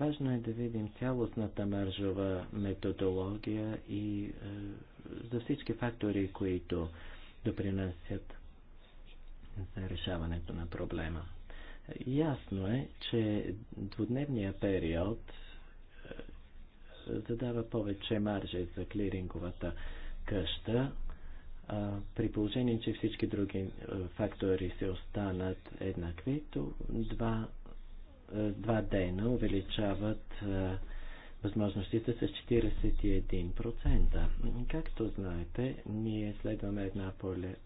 Важно е да видим цялостната мържова методология и е, за всички фактори, които допринасят за решаването на проблема. Ясно е, че двудневния период е, задава повече маржа за клиринговата къща, е, при положение, че всички други фактори се останат еднакви, то два е, два дена увеличават е, възможностите с 41%. Както знаете, ние следваме една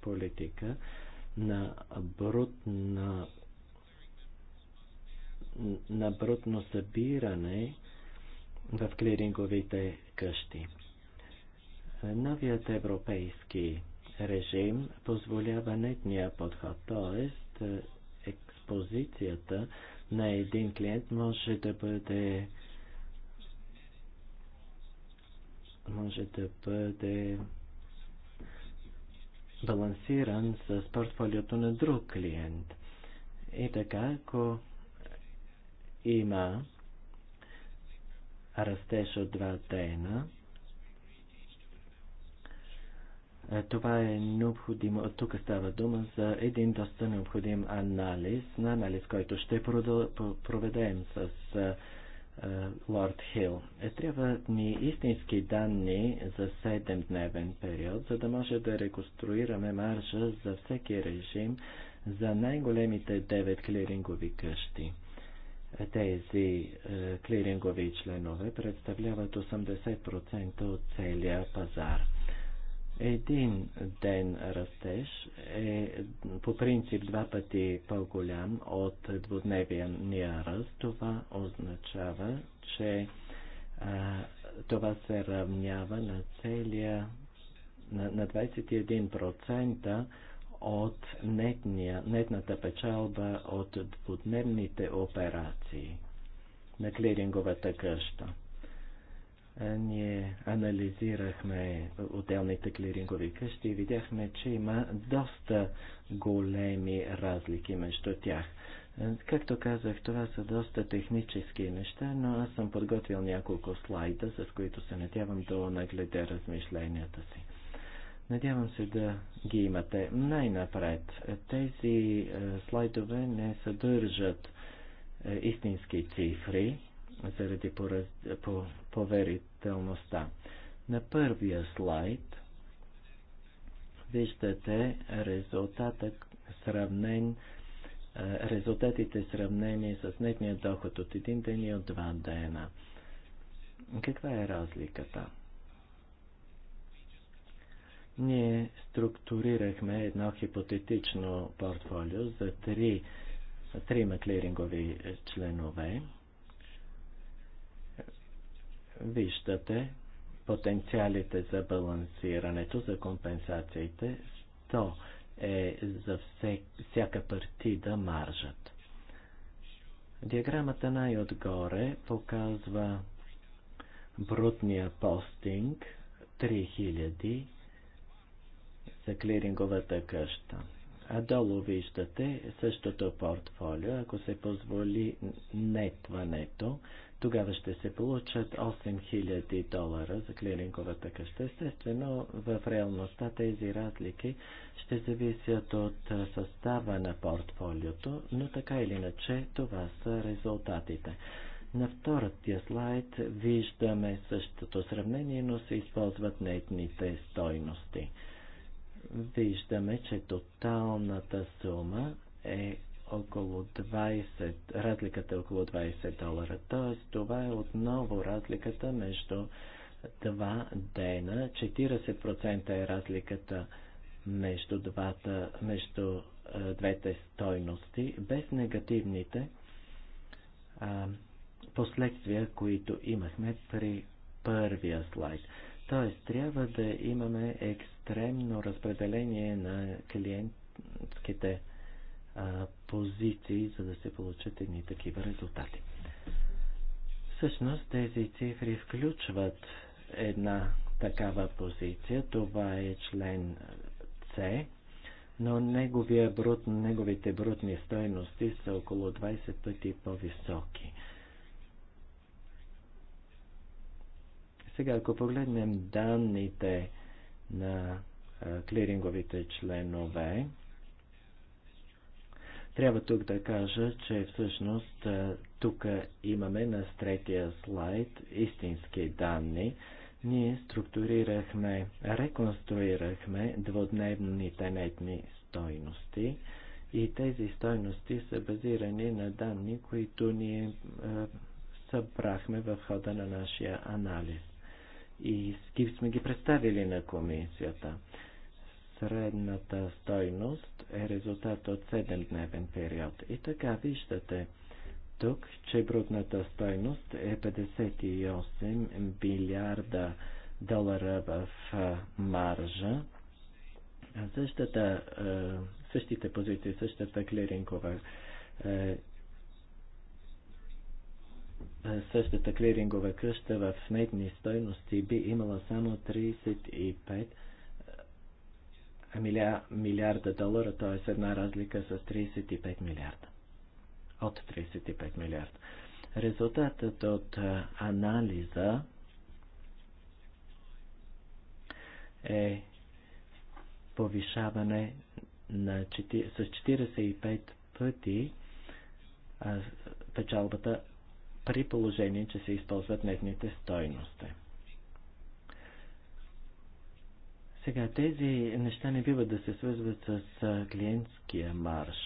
политика на брутна на брутно събиране в клиринговите къщи. Новият европейски режим позволява нетния подход, т.е. експозицията на един клиент може да бъде може да бъде балансиран с портфолиото на друг клиент. И така, ако има растеж от два дена, Е, това е необходимо. Тук става дума за един доста необходим анализ, на анализ, който ще проведем с е, е, Лорд Хил. Трябват ни истински данни за 7-дневен период, за да може да реконструираме маржа за всеки режим за най-големите 9 клирингови къщи. Тези клирингови членове представляват 80% от целия пазар. Един ден растеж е по принцип два пъти по-голям от двудневния ръст. Това означава, че а, това се равнява на целия на, на 21% от нетния, нетната печалба от двудневните операции на клиринговата къща ние анализирахме отделните клирингови къщи и видяхме, че има доста големи разлики между тях. Както казах, това са доста технически неща, но аз съм подготвил няколко слайда, с които се надявам да нагледа размишленията си. Надявам се да ги имате. Най-напред, тези слайдове не съдържат истински цифри, заради поверителността. На първия слайд виждате сравнен резултатите сравнени с нетния доход от един ден и от два дена. Каква е разликата? Ние структурирахме едно хипотетично портфолио за три, трима клирингови членове виждате потенциалите за балансирането, за компенсациите, то е за всяка партида маржът. Диаграмата най-отгоре показва брутния постинг 3000 за клиринговата къща. А долу виждате същото портфолио, ако се позволи нетването, тогава ще се получат 8000 долара за клиринговата къща. Естествено, в реалността тези разлики ще зависят от състава на портфолиото, но така или иначе това са резултатите. На втория слайд виждаме същото сравнение, но се използват нетните стойности. Виждаме, че тоталната сума е около 20, разликата е около 20 долара. Тоест, това е отново разликата между два дена. 40% е разликата между, двата, между е, двете стойности, без негативните а, последствия, които имахме при първия слайд. Тоест, трябва да имаме екстремно разпределение на клиентските а, позиции, за да се получат едни такива резултати. Всъщност тези цифри включват една такава позиция. Това е член С, но неговия брут, неговите брутни стоености са около 20 пъти по-високи. Сега, ако погледнем данните на клиринговите членове, трябва тук да кажа, че всъщност тук имаме на третия слайд истински данни. Ние структурирахме, реконструирахме дводневните нетни стойности и тези стойности са базирани на данни, които ние е, събрахме в хода на нашия анализ. И сме ги представили на комисията средната стойност е резултат от 7-дневен период. И така виждате тук, че брутната стойност е 58 милиарда долара в маржа. Същата, същите позиции, същата клирингова същата клирингова къща в медни стойности би имала само 35 милиар, милиарда долара, т.е. една разлика с 35 милиарда. От 35 милиарда. Резултатът от анализа е повишаване на, с 45 пъти печалбата при положение, че се използват нетните стойности. Сега, тези неща не биват да се свързват с клиентския марш.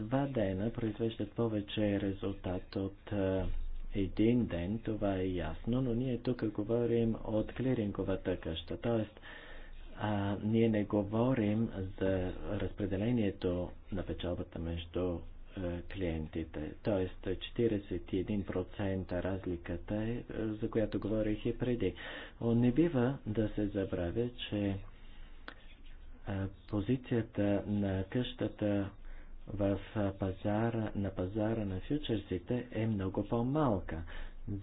Два дена произвеждат повече резултат от един ден, това е ясно, но ние тук говорим от клиринговата къща, т.е. ние не говорим за разпределението на печалбата между е, клиентите. Тоест 41% разликата е, е, за която говорих и преди. Но не бива да се забравя, че е, позицията на къщата в пазара, на пазара на фьючерсите е много по-малка.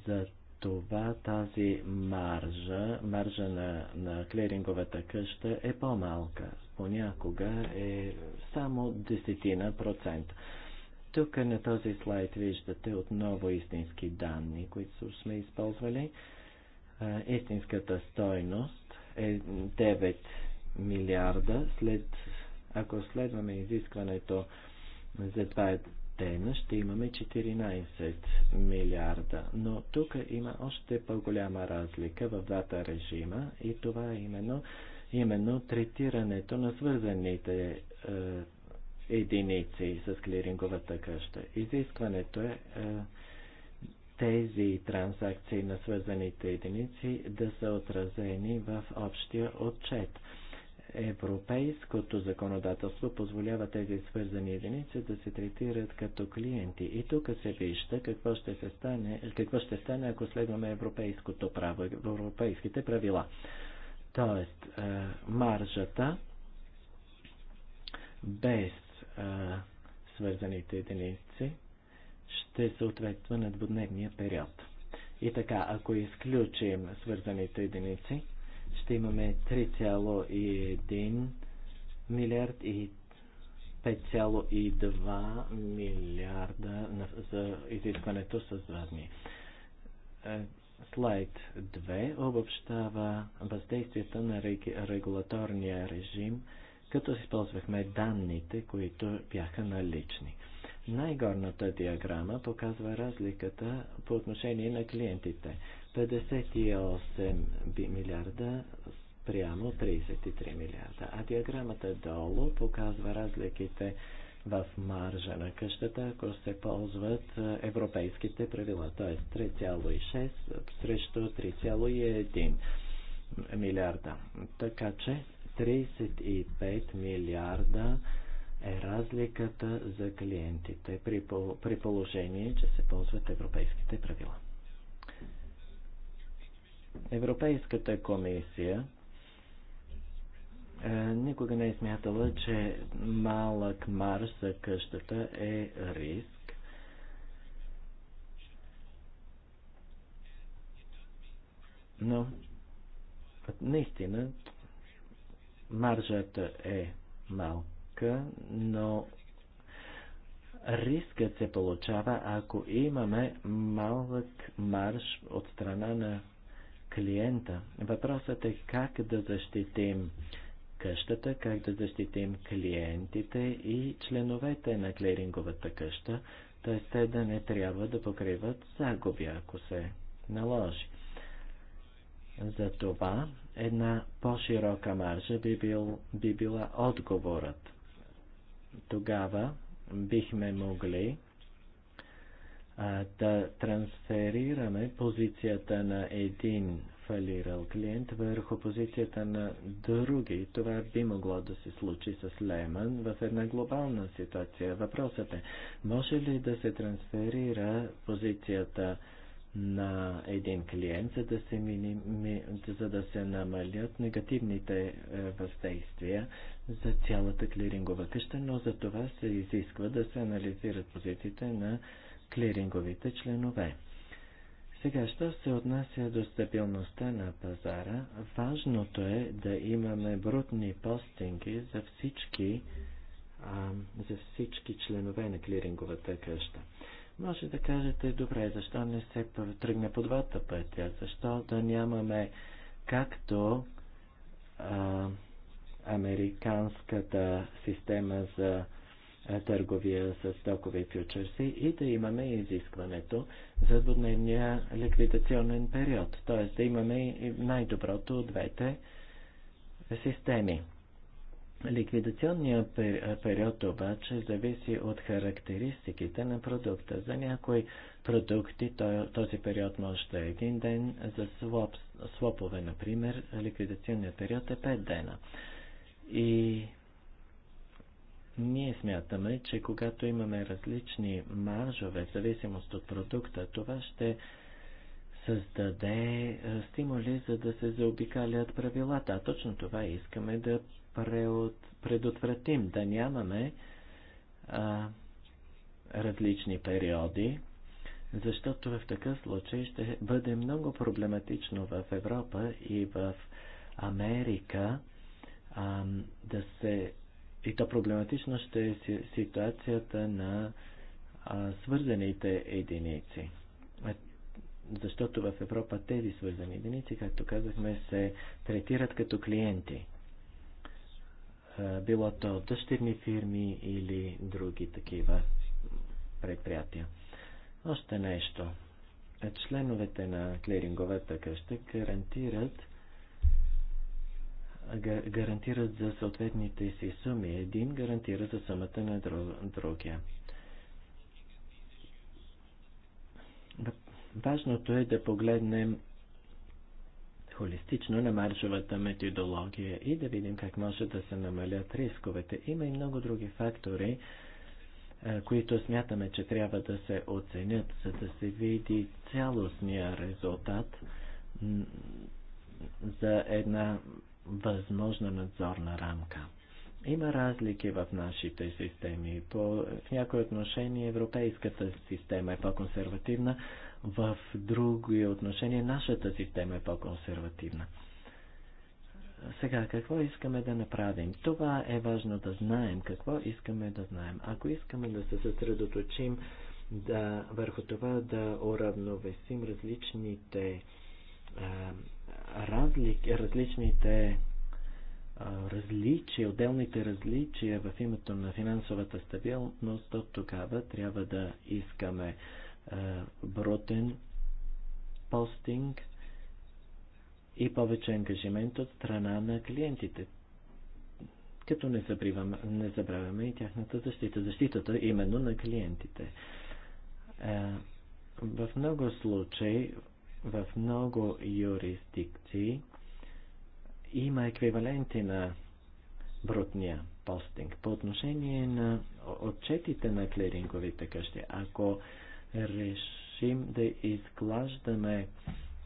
За това тази маржа, маржа на, на клиринговата къща е по-малка. Понякога е само десетина процента. Тук на този слайд виждате отново истински данни, които сме използвали. Истинската стойност е 9 милиарда. След, ако следваме изискването за 2 дена, ще имаме 14 милиарда. Но тук има още по-голяма разлика в двата режима и това е именно, именно третирането на свързаните е, единици с клиринговата къща. Изискването е, е тези транзакции на свързаните единици да са отразени в общия отчет. Европейското законодателство позволява тези свързани единици да се третират като клиенти. И тук се вижда какво ще, се стане, какво ще стане, ако следваме европейското право, европейските правила. Тоест, е, маржата без а, свързаните единици ще съответства на двудневния период. И така, ако изключим свързаните единици, ще имаме 3,1 милиард и 5,2 милиарда за изискването с два дни. Е, слайд 2 обобщава въздействията на регулаторния режим – като използвахме данните, които бяха налични. Най-горната диаграма показва разликата по отношение на клиентите. 58 милиарда прямо 33 милиарда. А диаграмата долу показва разликите в маржа на къщата, ако се ползват европейските правила, т.е. 3,6 срещу 3,1 милиарда. Така че 35 милиарда е разликата за клиентите при, при положение, че се ползват европейските правила. Европейската комисия е, никога не е смятала, че малък марш за къщата е риск. Но наистина Маржата е малка, но рискът се получава, ако имаме малък марш от страна на клиента. Въпросът е как да защитим къщата, как да защитим клиентите и членовете на клиринговата къща, т.е. те да не трябва да покриват загуби, ако се наложи. Затова Една по-широка маржа би, бил, би била отговорът. Тогава бихме могли а, да трансферираме позицията на един фалирал клиент върху позицията на други. Това би могло да се случи с Лейман в една глобална ситуация. Въпросът е, може ли да се трансферира позицията на един клиент, за да се, миними, за да се намалят негативните е, въздействия за цялата клирингова къща, но за това се изисква да се анализират позициите на клиринговите членове. Сега, що се отнася до стабилността на пазара, важното е да имаме брутни постинги за всички, а, за всички членове на клиринговата къща. Може да кажете, добре, защо не се тръгне по двата пътя? Защо да нямаме както а, американската система за търговия с токови фьючерси и да имаме изискването за двудневния ликвидационен период. Т.е. да имаме най-доброто от двете системи. Ликвидационният период обаче зависи от характеристиките на продукта. За някои продукти този период може да е един ден, за своп, свопове, например, ликвидационният период е 5 дена. И ние смятаме, че когато имаме различни маржове, в зависимост от продукта, това ще създаде стимули, за да се заобикалят правилата. А точно това искаме да предотвратим, да нямаме а, различни периоди, защото в такъв случай ще бъде много проблематично в Европа и в Америка а, да се. И то проблематично ще е ситуацията на а, свързаните единици. Защото в Европа тези свързани единици, както казахме, се третират като клиенти било то от дъщерни фирми или други такива предприятия. Още нещо. Е, членовете на клиринговата къща гарантират гарантират за съответните си суми. Един гарантира за сумата на другия. Важното е да погледнем холистично на маржовата методология и да видим как може да се намалят рисковете. Има и много други фактори, които смятаме, че трябва да се оценят, за да се види цялостния резултат за една възможна надзорна рамка. Има разлики в нашите системи. По, в някои отношения европейската система е по-консервативна, в други отношения нашата система е по-консервативна. Сега, какво искаме да направим? Това е важно да знаем. Какво искаме да знаем? Ако искаме да се съсредоточим да, върху това да уравновесим различните а, разлики, различните а, различия, отделните различия в името на финансовата стабилност, то тогава трябва да искаме е, брутен постинг и повече ангажимент от страна на клиентите. Като не забравяме, не забравяме и тяхната защита. Защитата именно на клиентите. Е, в много случаи, в много юрисдикции има еквиваленти на брутния постинг. По отношение на отчетите на клиринговите къщи, ако решим да изглаждаме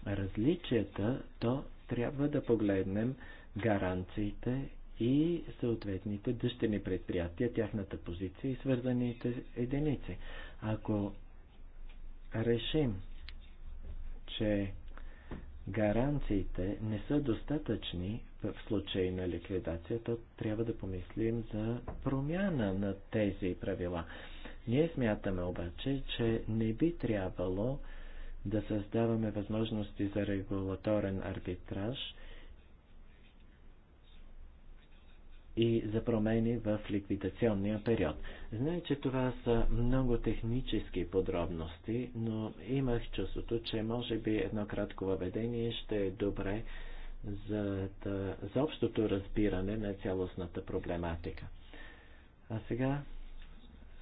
различията, то трябва да погледнем гаранциите и съответните дъщерни предприятия, тяхната позиция и свързаните единици. Ако решим, че гаранциите не са достатъчни в случай на ликвидация, то трябва да помислим за промяна на тези правила. Ние смятаме обаче, че не би трябвало да създаваме възможности за регулаторен арбитраж и за промени в ликвидационния период. Знае, че това са много технически подробности, но имах чувството, че може би едно кратко въведение ще е добре за, да, за общото разбиране на цялостната проблематика. А сега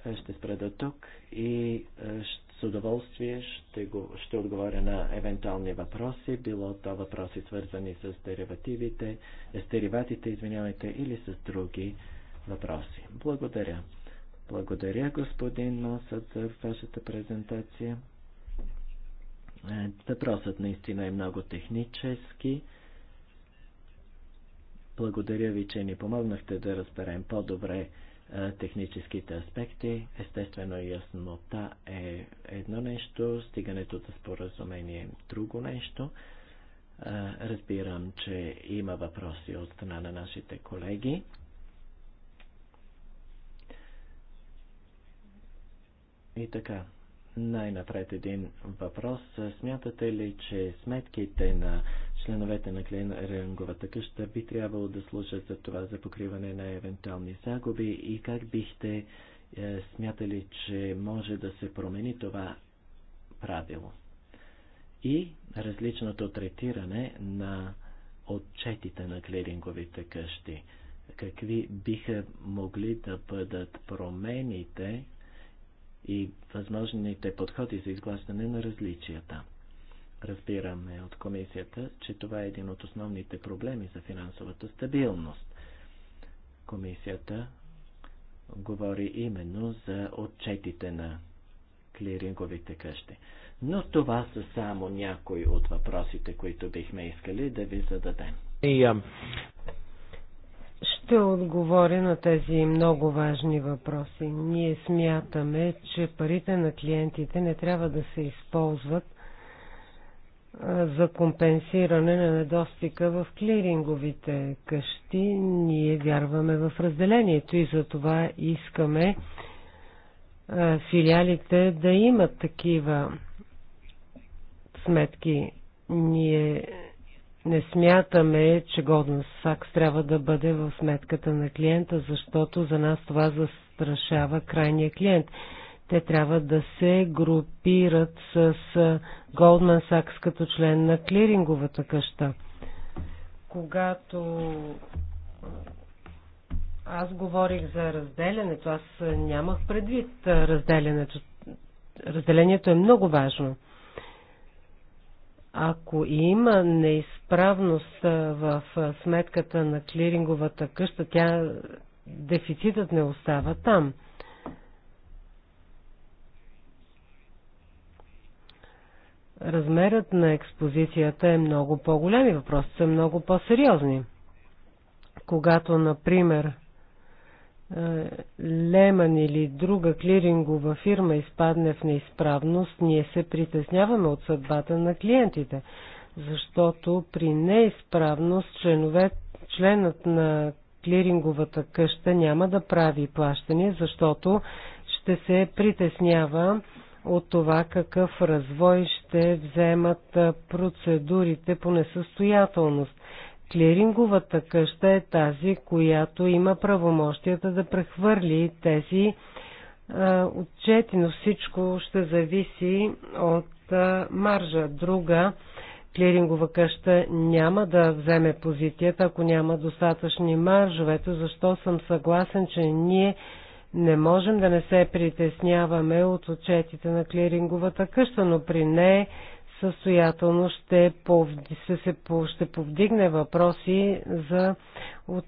е, ще спра до тук и е, с удоволствие ще, го, ще отговоря на евентуални въпроси, било то въпроси свързани с деривативите, с дериватите, извинявайте, или с други въпроси. Благодаря. Благодаря, господин Носът, за вашата презентация. Е, въпросът наистина е много технически. Благодаря ви, че ни помогнахте да разберем по-добре е, техническите аспекти. Естествено, яснота е едно нещо, стигането до споразумение е друго нещо. Е, разбирам, че има въпроси от страна на нашите колеги. И така, най-напред един въпрос. Смятате ли, че сметките на членовете на клеринговата къща би трябвало да служат за това, за покриване на евентуални загуби и как бихте е, смятали, че може да се промени това правило. И различното третиране на отчетите на клиринговите къщи. Какви биха могли да бъдат промените и възможните подходи за изглаждане на различията? разбираме от комисията, че това е един от основните проблеми за финансовата стабилност. Комисията говори именно за отчетите на клиринговите къщи. Но това са само някои от въпросите, които бихме искали да ви зададем. И, а... Ще отговоря на тези много важни въпроси. Ние смятаме, че парите на клиентите не трябва да се използват за компенсиране на недостига в клиринговите къщи. Ние вярваме в разделението и за това искаме филиалите да имат такива сметки. Ние не смятаме, че годност САКС трябва да бъде в сметката на клиента, защото за нас това застрашава крайния клиент. Те трябва да се групират с Goldman Сакс като член на клиринговата къща. Когато аз говорих за разделянето, аз нямах предвид разделянето. Разделението е много важно. Ако има неизправност в сметката на клиринговата къща, тя дефицитът не остава там – размерът на експозицията е много по-голям и въпросите са много по-сериозни. Когато, например, е, Леман или друга клирингова фирма изпадне в неизправност, ние се притесняваме от съдбата на клиентите, защото при неизправност членове, членът на клиринговата къща няма да прави плащане, защото ще се притеснява от това какъв развой ще вземат процедурите по несъстоятелност. Клиринговата къща е тази, която има правомощията да прехвърли тези а, отчети, но всичко ще зависи от а, маржа. Друга клирингова къща няма да вземе позицията, ако няма достатъчни маржовете, защо съм съгласен, че ние не можем да не се притесняваме от отчетите на клиринговата къща, но при не състоятелно ще, повди, се, се, ще повдигне въпроси за, от,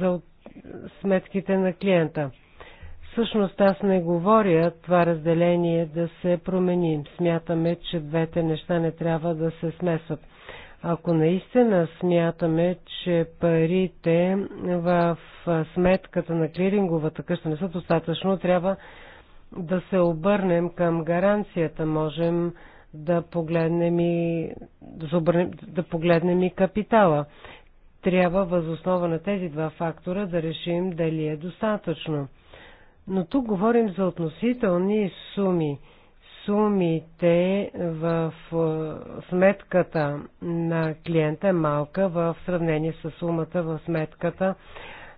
за от, сметките на клиента. Всъщност аз не говоря това разделение да се промени. Смятаме, че двете неща не трябва да се смесват. Ако наистина смятаме, че парите в сметката на клиринговата къща не са достатъчно, трябва да се обърнем към гаранцията. Можем да погледнем и, да обърнем, да погледнем и капитала. Трябва възоснова на тези два фактора да решим дали е достатъчно. Но тук говорим за относителни суми – сумите в сметката на клиента е малка в сравнение с сумата в сметката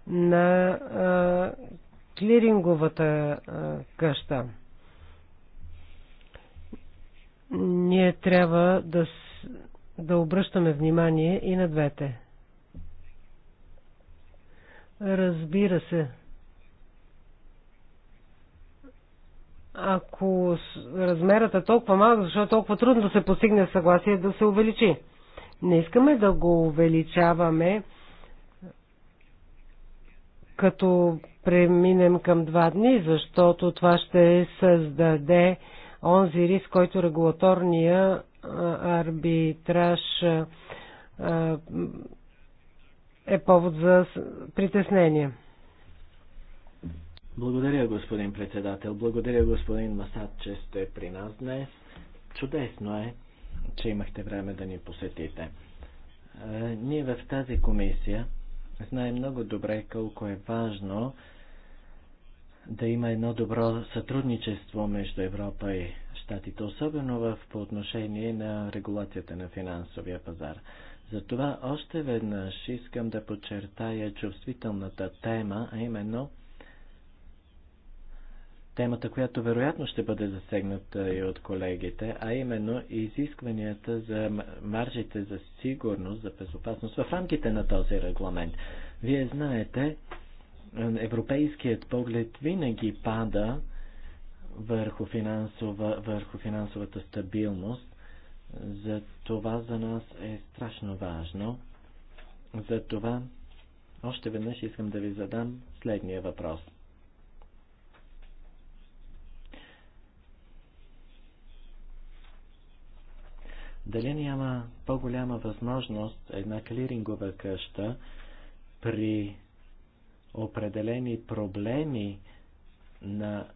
на клиринговата къща. Ние трябва да, да обръщаме внимание и на двете. Разбира се. ако размерът е толкова малък, защото е толкова трудно да се постигне съгласие да се увеличи. Не искаме да го увеличаваме като преминем към два дни, защото това ще създаде онзи риск, който регулаторния арбитраж е повод за притеснение. Благодаря, господин председател. Благодаря, господин Масад, че сте при нас днес. Чудесно е, че имахте време да ни посетите. Е, ние в тази комисия знаем много добре колко е важно да има едно добро сътрудничество между Европа и Штатите, особено в, по отношение на регулацията на финансовия пазар. Затова още веднъж искам да подчертая чувствителната тема, а именно – темата, която вероятно ще бъде засегната и от колегите, а именно изискванията за маржите за сигурност, за безопасност в рамките на този регламент. Вие знаете, европейският поглед винаги пада върху, финансова, върху финансовата стабилност. За това за нас е страшно важно. За това още веднъж искам да ви задам следния въпрос – Дали няма по-голяма възможност една клирингова къща при определени проблеми на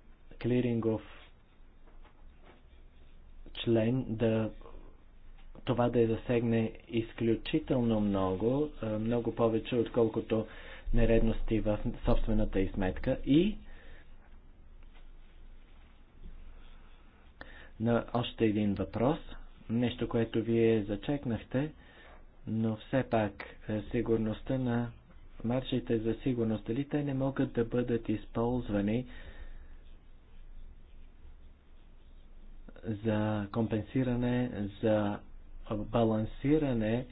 клирингов член да това да я засегне изключително много, много повече, отколкото нередности в собствената изметка и на още един въпрос – нещо, което вие зачекнахте, но все пак е, сигурността на маршите за сигурност, дали те не могат да бъдат използвани за компенсиране, за балансиране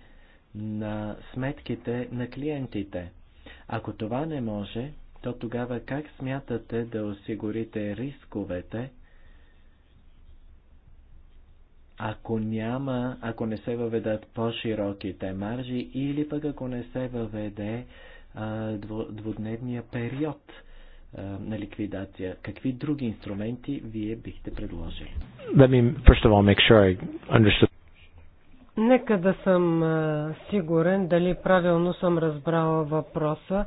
на сметките на клиентите. Ако това не може, то тогава как смятате да осигурите рисковете ако няма, ако не се въведат по-широките маржи или пък ако не се въведе а, двудневния период а, на ликвидация, какви други инструменти вие бихте предложили? Me, all, sure Нека да съм сигурен дали правилно съм разбрала въпроса.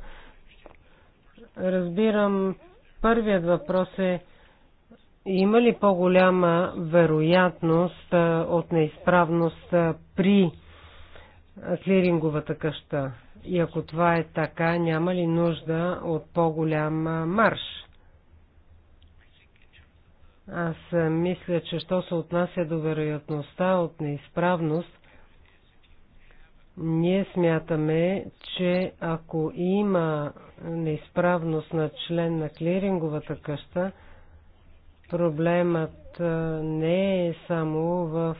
Разбирам, първият въпрос е има ли по-голяма вероятност от неизправност при клиринговата къща? И ако това е така, няма ли нужда от по-голям марш? Аз мисля, че що се отнася до вероятността от неизправност, ние смятаме, че ако има неизправност на член на клиринговата къща, Проблемът не е само в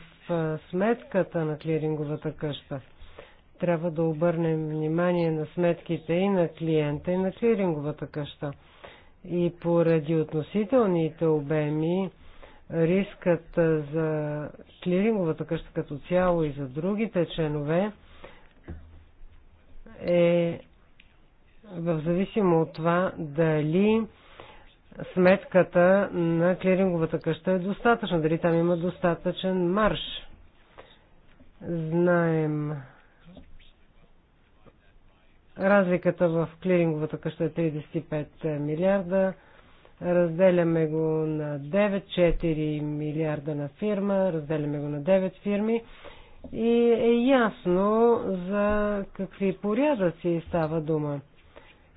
сметката на клиринговата къща. Трябва да обърнем внимание на сметките и на клиента и на клиринговата къща. И поради относителните обеми, рискът за клиринговата къща като цяло и за другите членове е в зависимо от това дали сметката на клиринговата къща е достатъчна, дали там има достатъчен марш. Знаем разликата в клиринговата къща е 35 милиарда, разделяме го на 9, 4 милиарда на фирма, разделяме го на 9 фирми и е ясно за какви порядъци става дума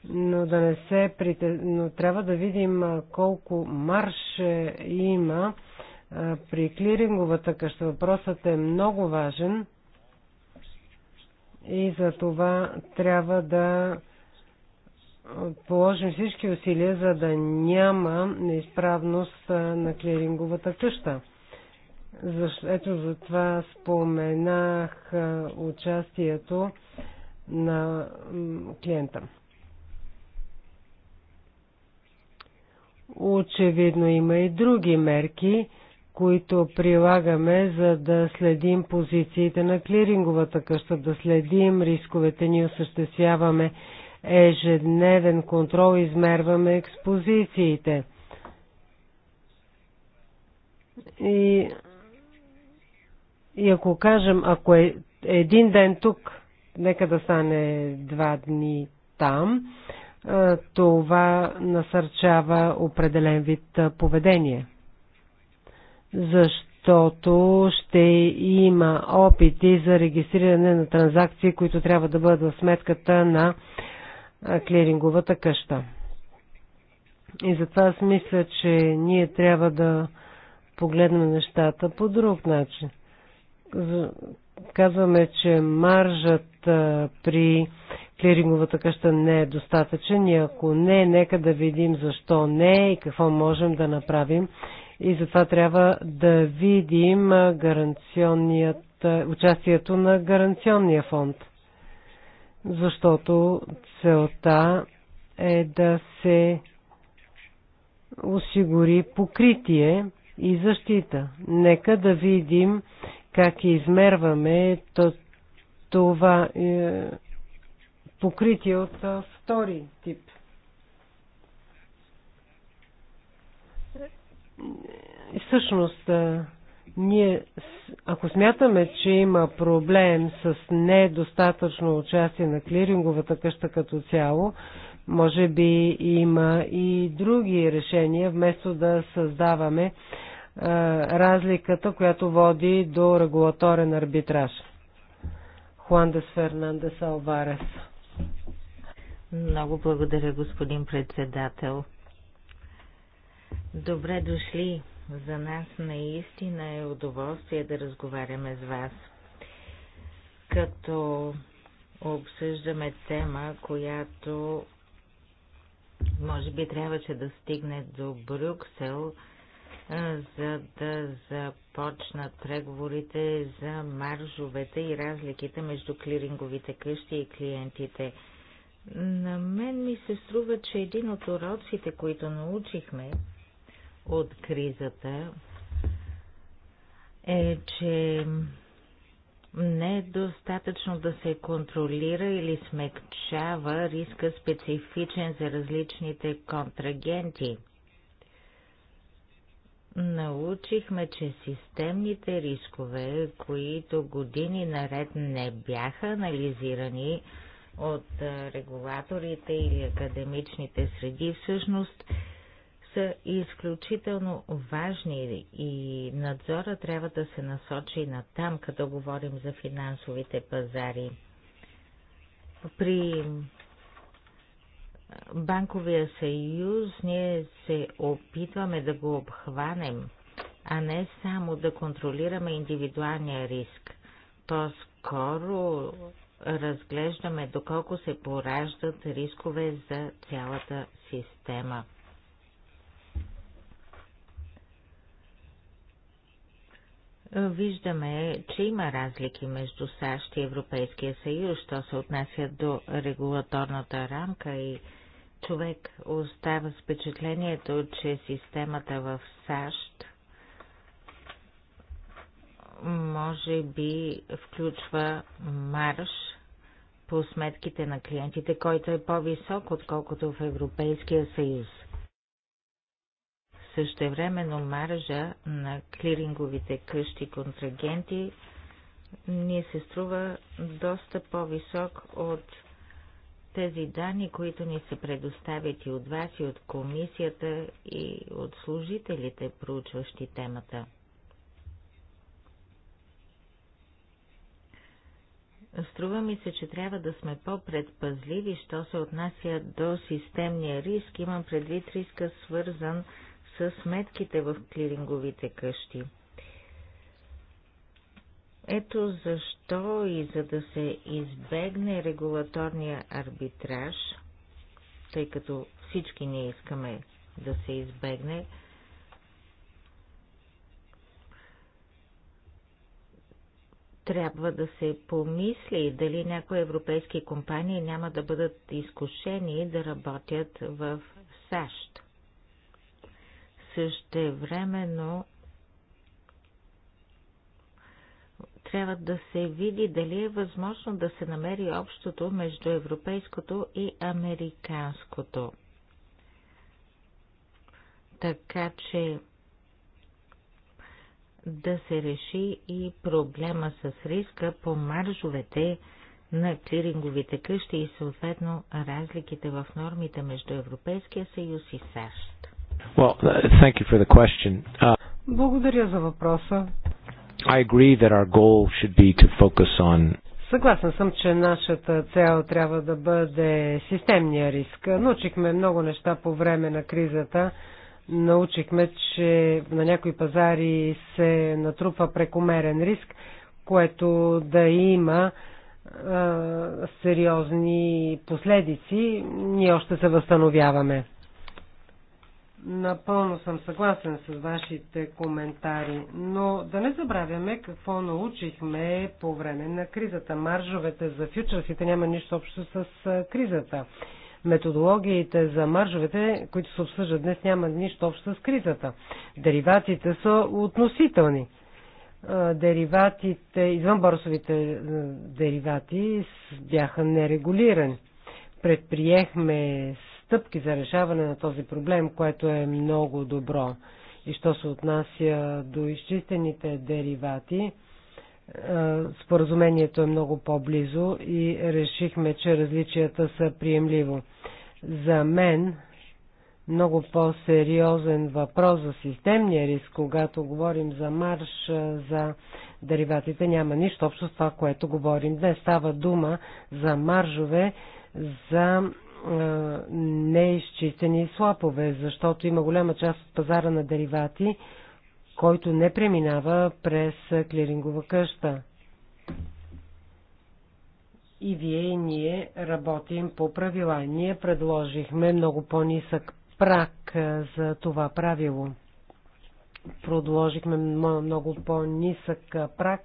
но да не се прите... но трябва да видим колко марш има при клиринговата къща. Въпросът е много важен и за това трябва да положим всички усилия, за да няма неизправност на клиринговата къща. Ето за това споменах участието на клиента. Очевидно има и други мерки, които прилагаме, за да следим позициите на клиринговата къща, да следим рисковете. Ние осъществяваме ежедневен контрол, измерваме експозициите. И, и ако кажем, ако е един ден тук, нека да стане два дни там, е, това насърчава определен вид е, поведение. Защото ще има опити за регистриране на транзакции, които трябва да бъдат в сметката на е, клиринговата къща. И затова аз мисля, че ние трябва да погледнем нещата по друг начин. Казваме, че маржът при клиринговата къща не е достатъчен и ако не, нека да видим защо не и какво можем да направим. И затова трябва да видим гаранционният, участието на гаранционния фонд. Защото целта е да се осигури покритие и защита. Нека да видим как измерваме това е, покритие от а, втори тип. И всъщност, а, ние, ако смятаме, че има проблем с недостатъчно участие на клиринговата къща като цяло, може би има и други решения, вместо да създаваме а, разликата, която води до регулаторен арбитраж. Хуандес Фернандес Алварес. Много благодаря, господин председател. Добре дошли. За нас наистина е удоволствие да разговаряме с вас. Като обсъждаме тема, която може би трябваше да стигне до Брюксел, за да започнат преговорите за маржовете и разликите между клиринговите къщи и клиентите – на мен ми се струва, че един от уроците, които научихме от кризата, е, че не е достатъчно да се контролира или смекчава риска специфичен за различните контрагенти. Научихме, че системните рискове, които години наред не бяха анализирани, от регулаторите или академичните среди, всъщност са изключително важни и надзора трябва да се насочи на там, като говорим за финансовите пазари. При Банковия съюз ние се опитваме да го обхванем, а не само да контролираме индивидуалния риск. По-скоро разглеждаме доколко се пораждат рискове за цялата система. Виждаме, че има разлики между САЩ и Европейския съюз, що се отнася до регулаторната рамка и човек остава с впечатлението, че системата в САЩ може би включва марш по сметките на клиентите, който е по-висок, отколкото в Европейския съюз. Същевременно маржа на клиринговите къщи контрагенти ни се струва доста по-висок от тези данни, които ни се предоставят и от вас, и от комисията, и от служителите, проучващи темата. Струва ми се, че трябва да сме по-предпазливи, що се отнася до системния риск. Имам предвид риска свързан с сметките в клиринговите къщи. Ето защо и за да се избегне регулаторния арбитраж, тъй като всички ние искаме да се избегне, Трябва да се помисли дали някои европейски компании няма да бъдат изкушени да работят в САЩ. времено трябва да се види дали е възможно да се намери общото между европейското и американското. Така че да се реши и проблема с риска по маржовете на клиринговите къщи и съответно разликите в нормите между Европейския съюз и САЩ? Well, thank you for the question. Uh, Благодаря за въпроса. I agree that our goal should be to focus on Съгласен съм, че нашата цел трябва да бъде системния риск. Научихме много неща по време на кризата научихме, че на някои пазари се натрупва прекомерен риск, което да има а, сериозни последици. Ние още се възстановяваме. Напълно съм съгласен с вашите коментари, но да не забравяме какво научихме по време на кризата. Маржовете за фьючерсите няма нищо общо с кризата методологиите за маржовете, които се обсъждат днес, нямат нищо общо с кризата. Деривациите са относителни. Дериватите, извънборсовите деривати бяха нерегулирани. Предприехме стъпки за решаване на този проблем, което е много добро. И що се отнася до изчистените деривати, е, споразумението е много по-близо и решихме, че различията са приемливо. За мен много по-сериозен въпрос за системния риск, когато говорим за марш е, за дериватите, няма нищо общо с това, което говорим днес. Става дума за маржове за е, неизчистени слапове, защото има голяма част от пазара на деривати, който не преминава през клирингова къща. И вие и ние работим по правила. Ние предложихме много по-нисък прак за това правило. Продложихме много по-нисък прак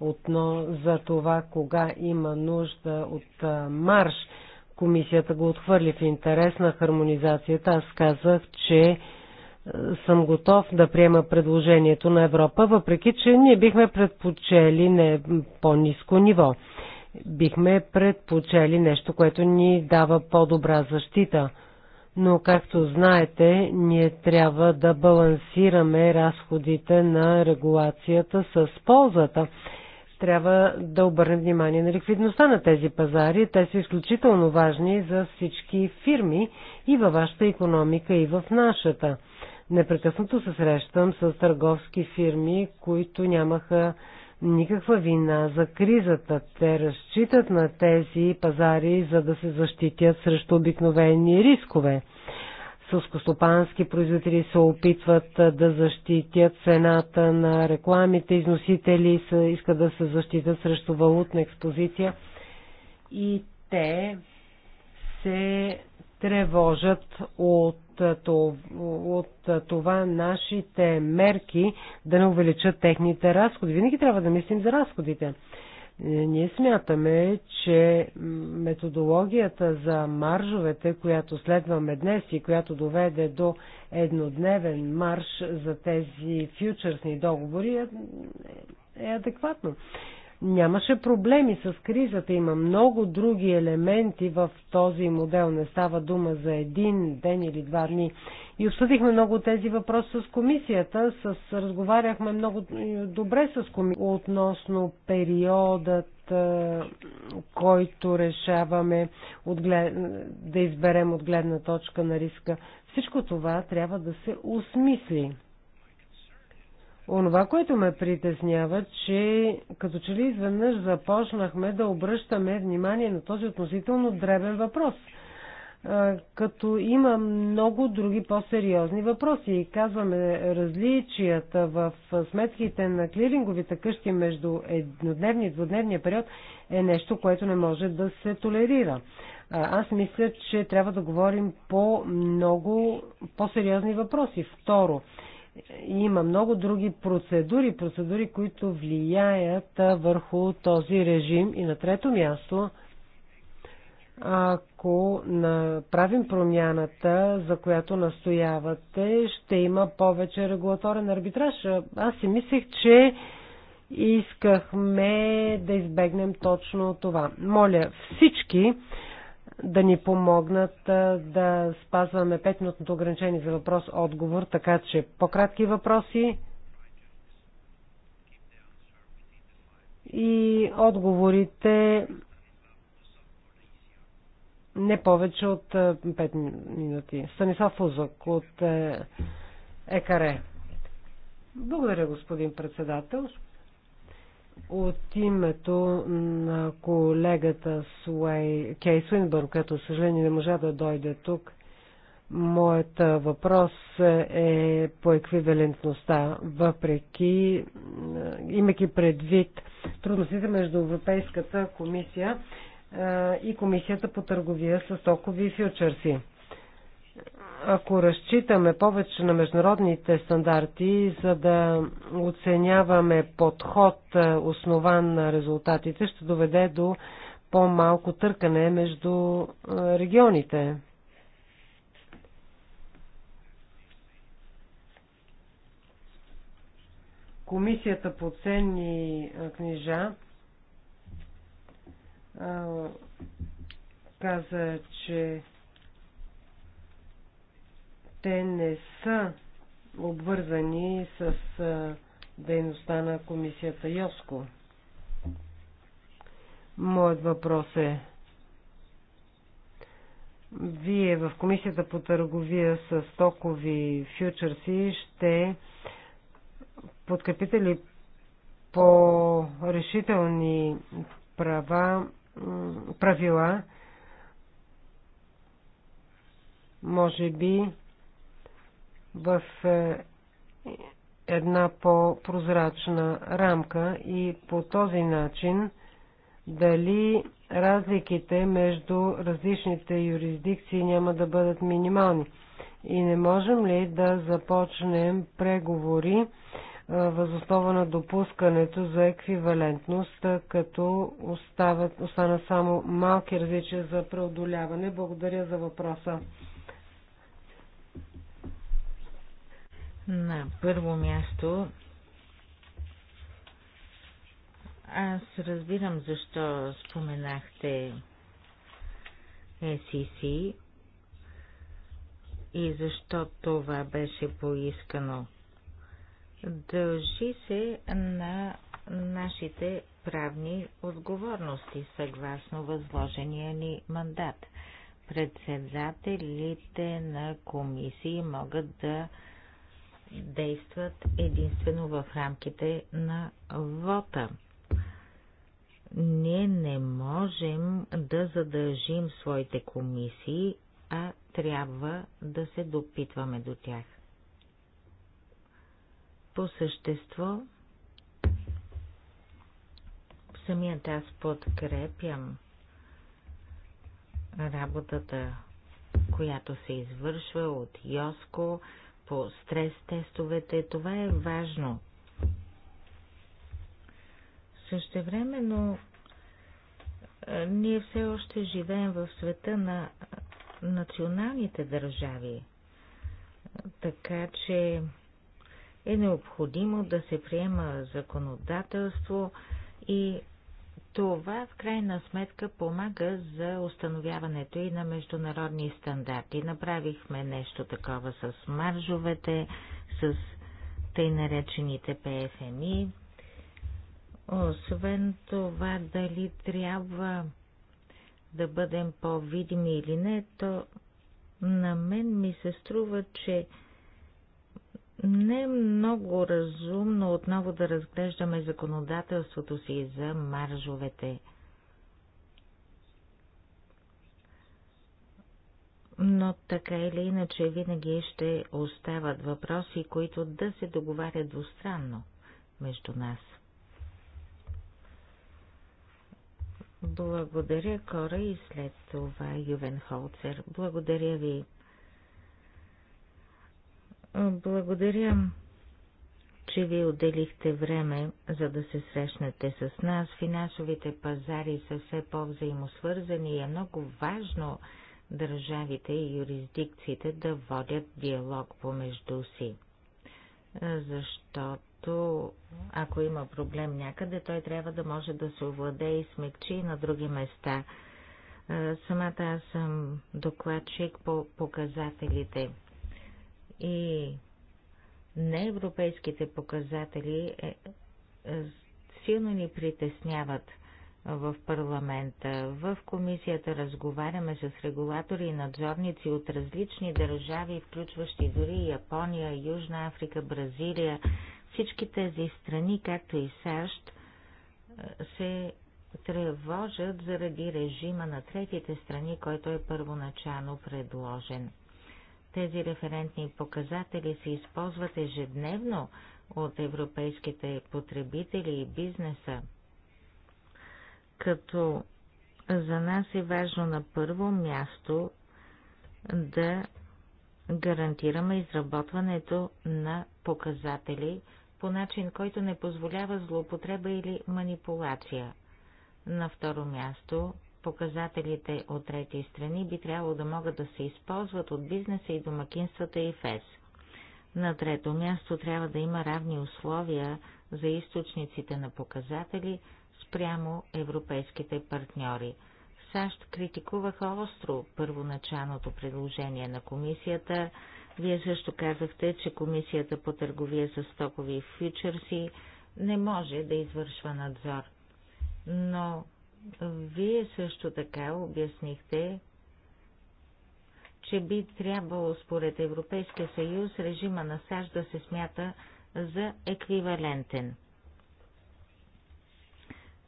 отно за това, кога има нужда от марш. Комисията го отхвърли в интерес на хармонизацията. Аз казах, че съм готов да приема предложението на Европа, въпреки че ние бихме предпочели не по-низко ниво. Бихме предпочели нещо, което ни дава по-добра защита. Но, както знаете, ние трябва да балансираме разходите на регулацията с ползата. Трябва да обърнем внимание на ликвидността на тези пазари. Те са изключително важни за всички фирми и във вашата економика, и в нашата. Непрекъснато се срещам с търговски фирми, които нямаха никаква вина за кризата. Те разчитат на тези пазари, за да се защитят срещу обикновени рискове. Сълскостопански производители се опитват да защитят цената на рекламите, износители са, искат да се защитят срещу валутна експозиция и те се тревожат от от, е, е, това нашите мерки да не увеличат техните разходи. Винаги трябва да мислим за разходите. Е, ние смятаме, че методологията за маржовете, която следваме днес и която доведе до еднодневен марш за тези фьючерсни договори е адекватно нямаше проблеми с кризата. Има много други елементи в този модел. Не става дума за един ден или два дни. И обсъдихме много тези въпроси с комисията. С, разговаряхме много добре с комисията относно периодът, е, който решаваме отглед... да изберем от гледна точка на риска. Всичко това трябва да се осмисли. Онова, което ме притеснява, че като че ли изведнъж започнахме да обръщаме внимание на този относително дребен въпрос, като има много други по-сериозни въпроси и казваме различията в сметките на клиринговите къщи между еднодневния и двудневния период е нещо, което не може да се толерира. Аз мисля, че трябва да говорим по много по-сериозни въпроси. Второ, има много други процедури, процедури, които влияят върху този режим. И на трето място, ако направим промяната, за която настоявате, ще има повече регулаторен арбитраж. Аз си мислех, че искахме да избегнем точно това. Моля всички да ни помогнат да спазваме 5-минутното ограничение за въпрос-отговор, така че по-кратки въпроси и отговорите не повече от 5 минути. Станислав Фузък от е, ЕКАРЕ. Благодаря, господин председател. От името на колегата Суей Кей Свинбърн, като съжаление не можа да дойде тук, моят въпрос е по еквивалентността, въпреки, имайки предвид трудностите между Европейската комисия и Комисията по търговия с токови фьючерси ако разчитаме повече на международните стандарти, за да оценяваме подход, е, основан на резултатите, ще доведе до по-малко търкане между е, регионите. Комисията по ценни е, книжа каза, че те не са обвързани с дейността на комисията Йоско. Моят въпрос е вие в комисията по търговия с токови фьючерси ще подкрепите ли по-решителни права, правила, може би в е, една по-прозрачна рамка и по този начин дали разликите между различните юрисдикции няма да бъдат минимални. И не можем ли да започнем преговори е, възоснова на допускането за еквивалентност, е, като остават, остана само малки различия за преодоляване? Благодаря за въпроса. На първо място аз разбирам защо споменахте SEC и защо това беше поискано. Дължи се на нашите правни отговорности съгласно възложения ни мандат. Председателите на комисии могат да действат единствено в рамките на вота. Ние не можем да задържим своите комисии, а трябва да се допитваме до тях. По същество, самият аз подкрепям работата, която се извършва от Йоско, по стрес-тестовете. Това е важно. Същевременно ние все още живеем в света на националните държави, така че е необходимо да се приема законодателство и това в крайна сметка помага за установяването и на международни стандарти. Направихме нещо такова с маржовете, с тъй наречените ПФМИ. Освен това, дали трябва да бъдем по-видими или не, то на мен ми се струва, че не е много разумно отново да разглеждаме законодателството си за маржовете. но така или иначе винаги ще остават въпроси, които да се договарят двустранно между нас. Благодаря, Кора, и след това Ювен Холцер. Благодаря ви. Благодаря, че ви отделихте време, за да се срещнете с нас. Финансовите пазари са все по-взаимосвързани и е много важно държавите и юрисдикциите да водят диалог помежду си. Защото ако има проблем някъде, той трябва да може да се овладее и смекчи на други места. Самата аз съм докладчик по показателите и неевропейските показатели е, е, силно ни притесняват в парламента. В комисията разговаряме с регулатори и надзорници от различни държави, включващи дори Япония, Южна Африка, Бразилия. Всички тези страни, както и САЩ, е, се тревожат заради режима на третите страни, който е първоначално предложен. Тези референтни показатели се използват ежедневно от европейските потребители и бизнеса. Като за нас е важно на първо място да гарантираме изработването на показатели по начин, който не позволява злоупотреба или манипулация. На второ място показателите от трети страни би трябвало да могат да се използват от бизнеса и домакинствата и ФЕС. На трето място трябва да има равни условия за източниците на показатели спрямо европейските партньори. САЩ критикуваха остро първоначалното предложение на комисията. Вие също казахте, че комисията по търговия с стокови фьючерси не може да извършва надзор. Но вие също така обяснихте, че би трябвало според Европейския съюз режима на САЩ да се смята за еквивалентен.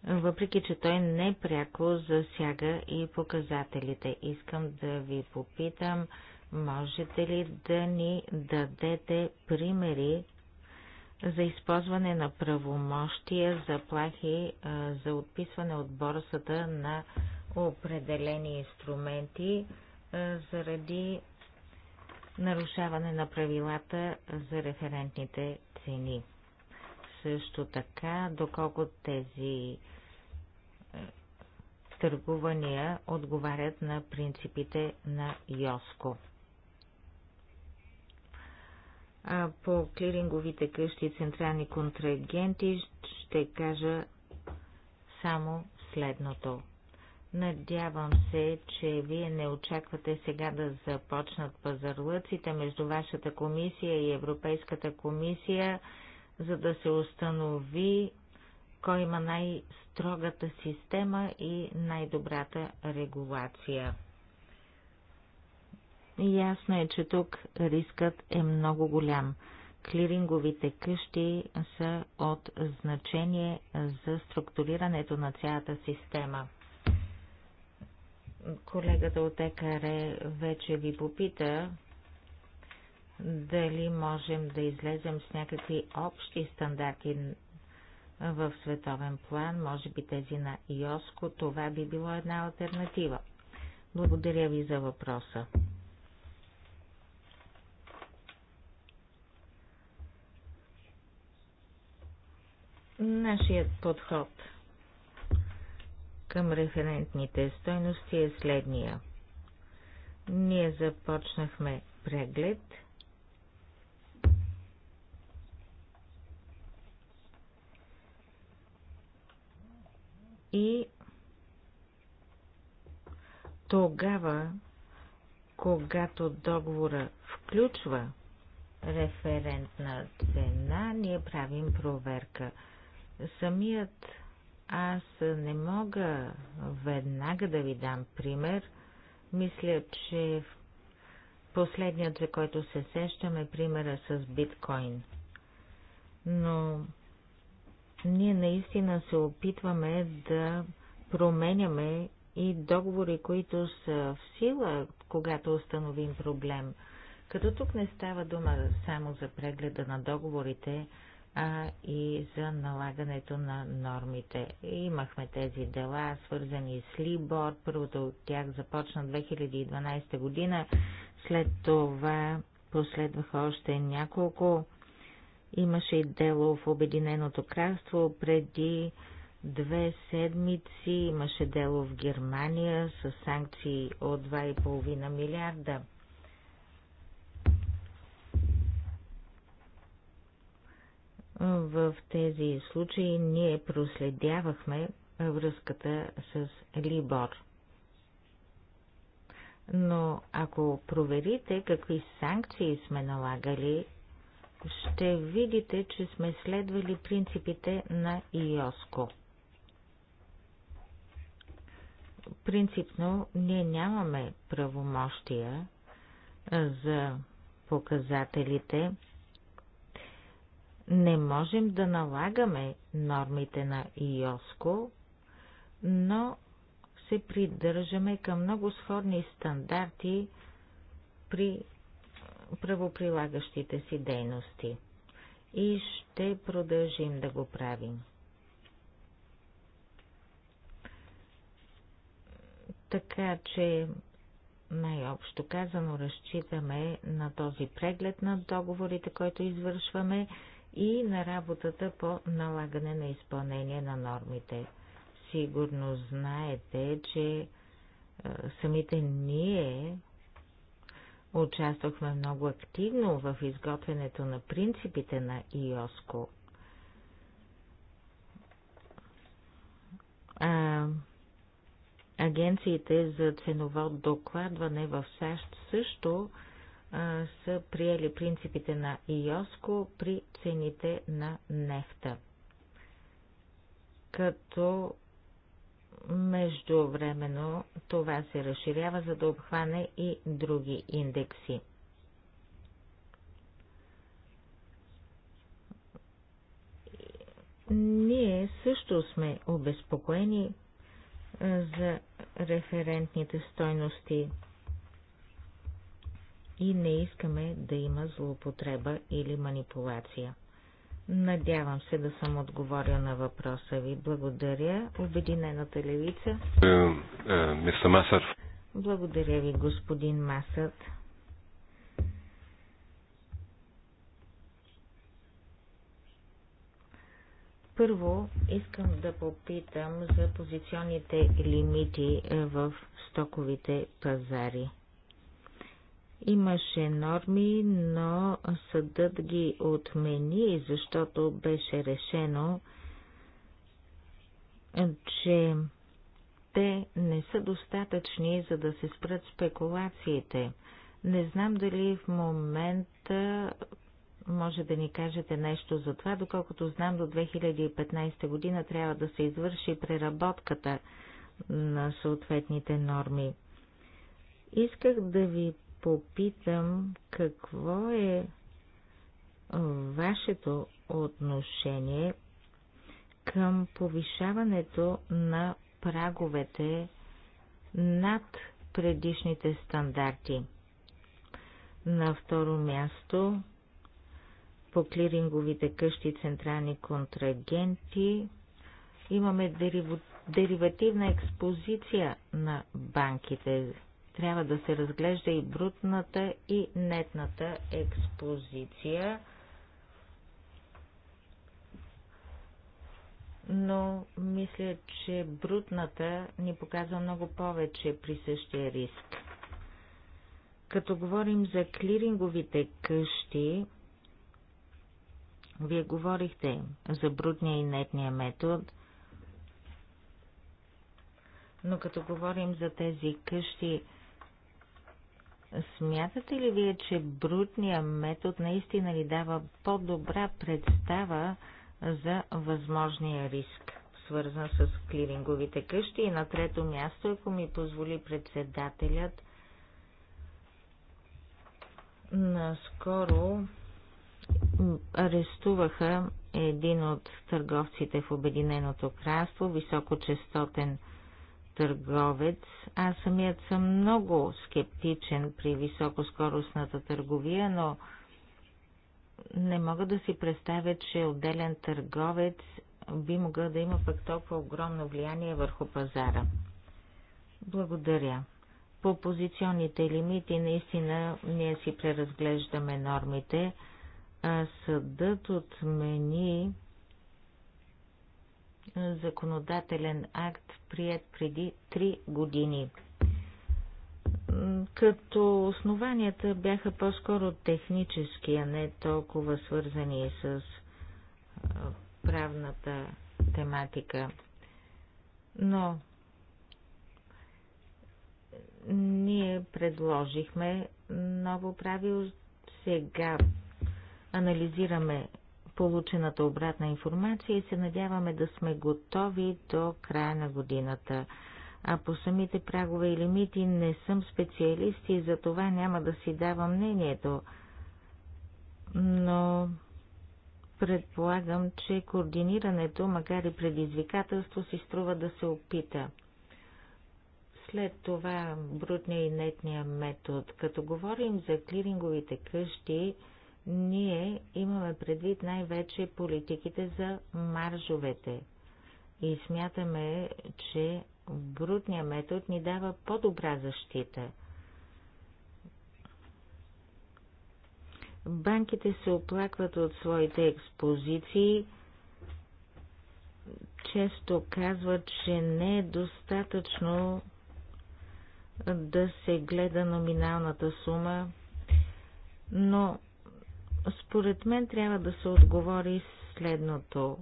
Въпреки, че той непряко засяга и показателите. Искам да ви попитам, можете ли да ни дадете примери за използване на правомощия, заплахи за отписване от борсата на определени инструменти заради нарушаване на правилата за референтните цени. Също така, доколко тези търгувания отговарят на принципите на ЙОСКО по клиринговите къщи и централни контрагенти ще кажа само следното. Надявам се, че вие не очаквате сега да започнат пазарлъците между вашата комисия и Европейската комисия, за да се установи кой има най-строгата система и най-добрата регулация. Ясно е, че тук рискът е много голям. Клиринговите къщи са от значение за структурирането на цялата система. Колегата от ЕКР вече ви попита дали можем да излезем с някакви общи стандарти в световен план, може би тези на ИОСКО, това би било една альтернатива. Благодаря ви за въпроса. Нашият подход към референтните стойности е следния. Ние започнахме преглед и тогава, когато договора включва референтна цена, ние правим проверка – Самият аз не мога веднага да ви дам пример. Мисля, че последният, за който се сещам, е примера с биткоин. Но ние наистина се опитваме да променяме и договори, които са в сила, когато установим проблем. Като тук не става дума само за прегледа на договорите, а и за налагането на нормите. Имахме тези дела, свързани с Либор. Първото от тях започна 2012 година. След това последваха още няколко. Имаше и дело в Обединеното кралство преди две седмици. Имаше дело в Германия с санкции от 2,5 милиарда. В тези случаи ние проследявахме връзката с Либор. Но ако проверите какви санкции сме налагали, ще видите, че сме следвали принципите на ИОСКО. Принципно ние нямаме правомощия за показателите, не можем да налагаме нормите на ИОСКО, но се придържаме към много сходни стандарти при правоприлагащите си дейности. И ще продължим да го правим. Така че, най-общо казано, разчитаме на този преглед на договорите, който извършваме и на работата по налагане на изпълнение на нормите. Сигурно знаете, че е, самите ние участвахме много активно в изготвянето на принципите на ИОСКО. А, агенциите за ценово докладване в САЩ също са приели принципите на ИОСКО при цените на нефта. Като междувременно това се разширява, за да обхване и други индекси. Ние също сме обезпокоени за референтните стойности и не искаме да има злоупотреба или манипулация. Надявам се да съм отговорил на въпроса ви. Благодаря. Обединената левица. Е, е, мистер Масър. Благодаря ви, господин Масър. Първо искам да попитам за позиционните лимити в стоковите пазари. Имаше норми, но съдът ги отмени, защото беше решено, че те не са достатъчни, за да се спрат спекулациите. Не знам дали в момента може да ни кажете нещо за това. Доколкото знам, до 2015 година трябва да се извърши преработката на съответните норми. Исках да ви попитам какво е вашето отношение към повишаването на праговете над предишните стандарти. На второ място по клиринговите къщи централни контрагенти имаме деривативна експозиция на банките трябва да се разглежда и брутната и нетната експозиция. Но мисля, че брутната ни показва много повече при същия риск. Като говорим за клиринговите къщи, вие говорихте за брутния и нетния метод, но като говорим за тези къщи, Смятате ли вие, че брутният метод наистина ли дава по-добра представа за възможния риск, свързан с клиринговите къщи? И на трето място, ако ми позволи председателят, наскоро арестуваха един от търговците в Обединеното кралство, високочастотен търговец. Аз самият съм много скептичен при високоскоростната търговия, но не мога да си представя, че отделен търговец би могъл да има пък толкова огромно влияние върху пазара. Благодаря. По позиционните лимити наистина ние си преразглеждаме нормите. А съдът отмени законодателен акт, прият преди 3 години. Като основанията бяха по-скоро технически, а не толкова свързани с правната тематика. Но ние предложихме ново правило. Сега анализираме получената обратна информация и се надяваме да сме готови до края на годината. А по самите прагове и лимити не съм специалист и за това няма да си давам мнението. Но предполагам, че координирането, макар и предизвикателство, си струва да се опита. След това брутния и нетния метод. Като говорим за клиринговите къщи, ние имаме предвид най-вече политиките за маржовете и смятаме, че брутният метод ни дава по-добра защита. Банките се оплакват от своите експозиции, често казват, че не е достатъчно да се гледа номиналната сума, но според мен трябва да се отговори следното.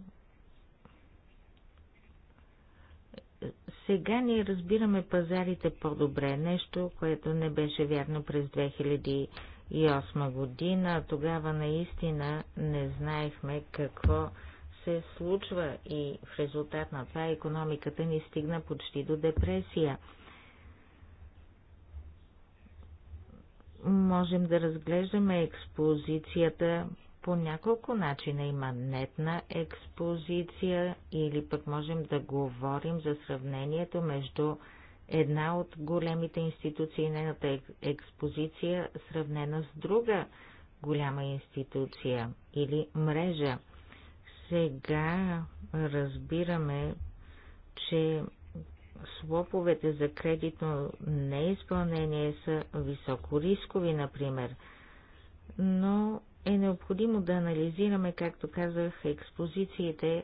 Сега ние разбираме пазарите по-добре, нещо, което не беше вярно през 2008 година. Тогава наистина не знаехме какво се случва и в резултат на това економиката ни стигна почти до депресия. можем да разглеждаме експозицията по няколко начина. Има нетна експозиция или пък можем да говорим за сравнението между една от големите институции, нейната експозиция, сравнена с друга голяма институция или мрежа. Сега разбираме, че слоповете за кредитно неизпълнение са високо рискови, например, но е необходимо да анализираме, както казах, експозициите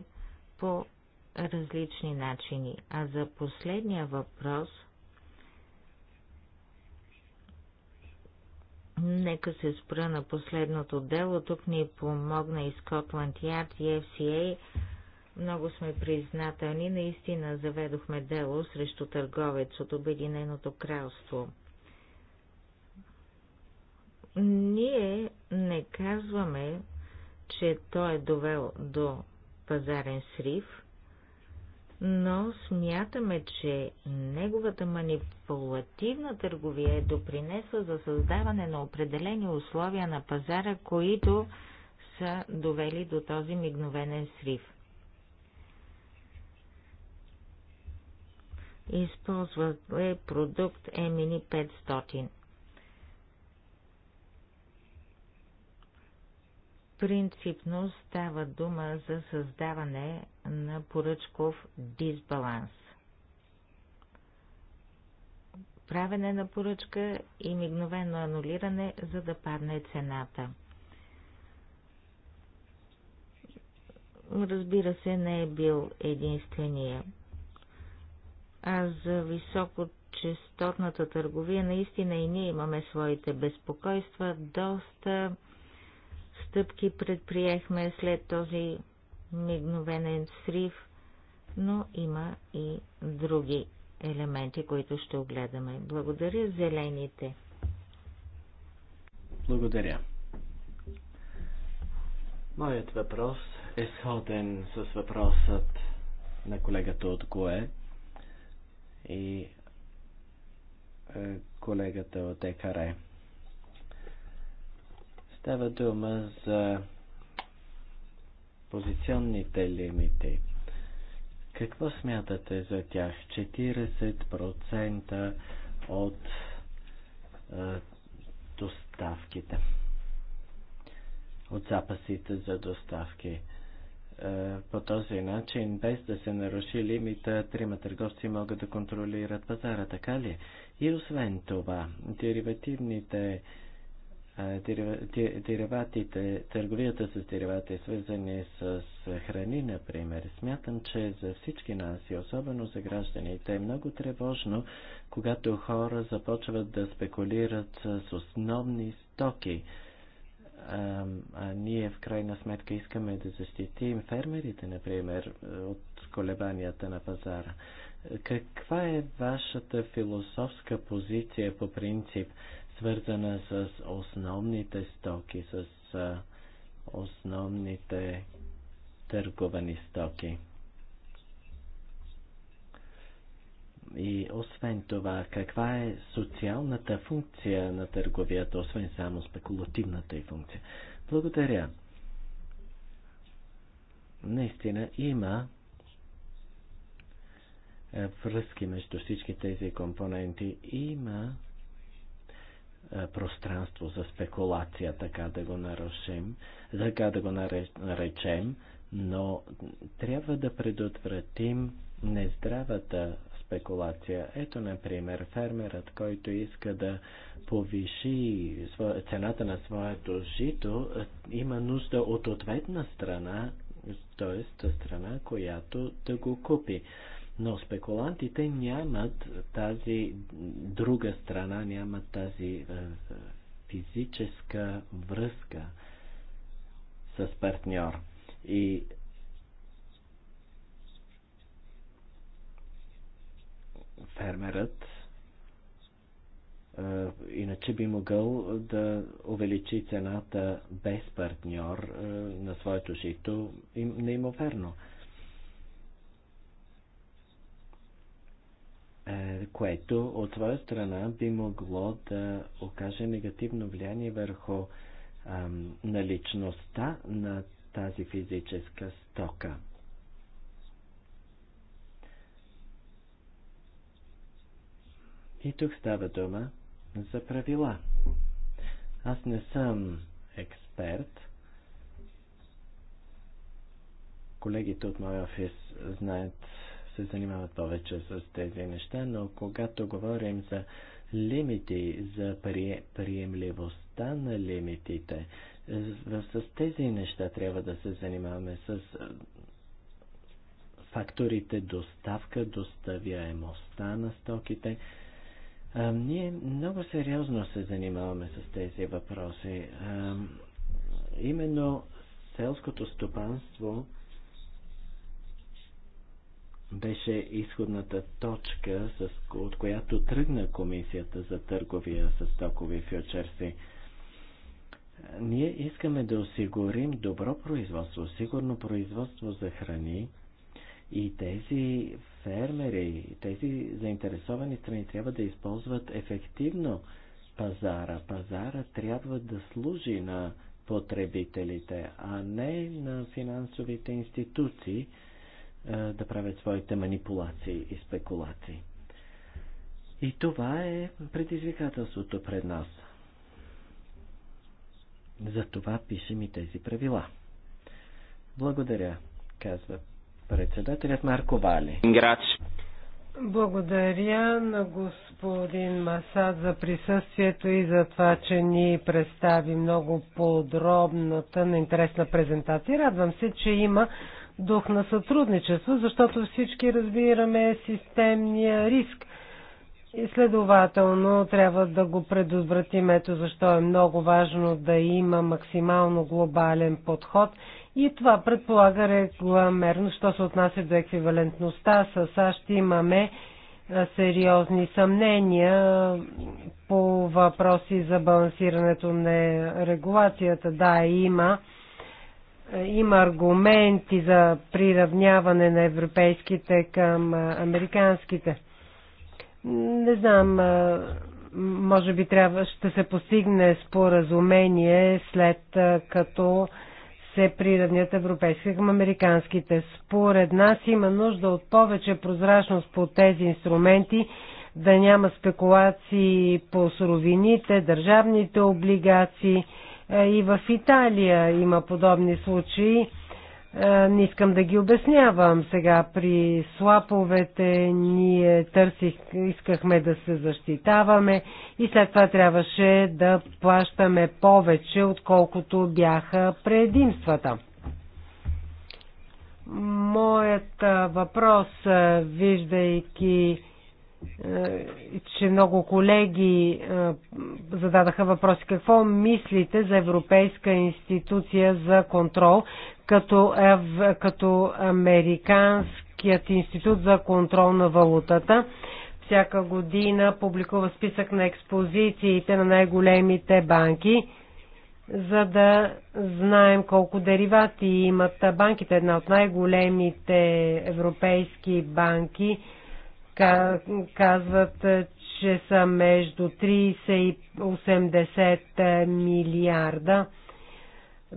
по различни начини. А за последния въпрос, нека се спра на последното дело. Тук ни помогна и Скотланд Ярд и FCA много сме признателни, наистина заведохме дело срещу търговец от Обединеното кралство. Ние не казваме, че той е довел до пазарен срив, но смятаме, че неговата манипулативна търговия е допринесла за създаване на определени условия на пазара, които са довели до този мигновенен срив. Използват е продукт Емини 500. Принципно става дума за създаване на поръчков дисбаланс. Правене на поръчка и мигновено анулиране, за да падне цената. разбира се, не е бил единствения. А за високочастотната търговия наистина и ние имаме своите безпокойства. Доста стъпки предприехме след този мигновенен срив, но има и други елементи, които ще огледаме. Благодаря зелените. Благодаря. Моят въпрос е сходен с въпросът на колегата от ГОЕ и е, колегата от ЕКАРЕ. Става дума за позиционните лимити. Какво смятате за тях? 40% от е, доставките. От запасите за доставки. Е, по този начин, без да се наруши лимита, трима търговци могат да контролират пазара, така ли? И освен това, деривативните е, дериватите, търговията с деривати, свързани с храни, например. Смятам, че за всички нас и особено за гражданите е много тревожно, когато хора започват да спекулират с основни стоки а, а ние в крайна сметка искаме да защитим фермерите, например, от колебанията на пазара. Каква е вашата философска позиция по принцип, свързана с основните стоки, с основните търговани стоки? И освен това, каква е социалната функция на търговията, освен само спекулативната й функция? Благодаря. Наистина има е, връзки между всички тези компоненти. Има е, пространство за спекулация, така да го нарушим, така да го наречем, но трябва да предотвратим нездравата спекулация. Ето, например, фермерът, който иска да повиши цената на своето жито, има нужда от ответна страна, т.е. страна, която да го купи. Но спекулантите нямат тази друга страна, нямат тази е, физическа връзка с партньор. И фермерът иначе би могъл да увеличи цената без партньор на своето жито неимоверно. Е е, което от своя страна би могло да окаже негативно влияние върху наличността на тази физическа стока. И тук става дума за правила. Аз не съм експерт. Колегите от моя офис знаят, се занимават повече с тези неща, но когато говорим за лимити, за приемливостта на лимитите, с тези неща трябва да се занимаваме с факторите доставка, доставяемостта на стоките – а, ние много сериозно се занимаваме с тези въпроси. А, именно селското стопанство беше изходната точка, с, от която тръгна комисията за търговия с токови фьючерси. Ние искаме да осигурим добро производство, сигурно производство за храни, и тези фермери, тези заинтересовани страни трябва да използват ефективно пазара. Пазара трябва да служи на потребителите, а не на финансовите институции е, да правят своите манипулации и спекулации. И това е предизвикателството пред нас. Затова пишем и тези правила. Благодаря, казва Председателят Марко Вали. Благодаря на господин Масад за присъствието и за това, че ни представи много подробната на интересна презентация. Радвам се, че има дух на сътрудничество, защото всички разбираме системния риск. И следователно трябва да го предотвратим. Ето защо е много важно да има максимално глобален подход и това предполага регламерно, що се отнася до еквивалентността. С САЩ имаме сериозни съмнения по въпроси за балансирането на регулацията. Да, има има аргументи за приравняване на европейските към американските. Не знам, може би трябва, ще се постигне споразумение след като се приравнят европейски към американските. Според нас има нужда от повече прозрачност по тези инструменти, да няма спекулации по суровините, държавните облигации. Е, и в Италия има подобни случаи. Е, не искам да ги обяснявам сега. При слаповете ние търсих, искахме да се защитаваме и след това трябваше да плащаме повече, отколкото бяха предимствата. Моят въпрос, е, виждайки е, че много колеги е, зададаха въпроси. Какво мислите за Европейска институция за контрол като, като Американският институт за контрол на валутата? Всяка година публикува списък на експозициите на най-големите банки, за да знаем колко деривати имат банките. Една от най-големите европейски банки – казват, е, че са между 30 и 80 е, милиарда,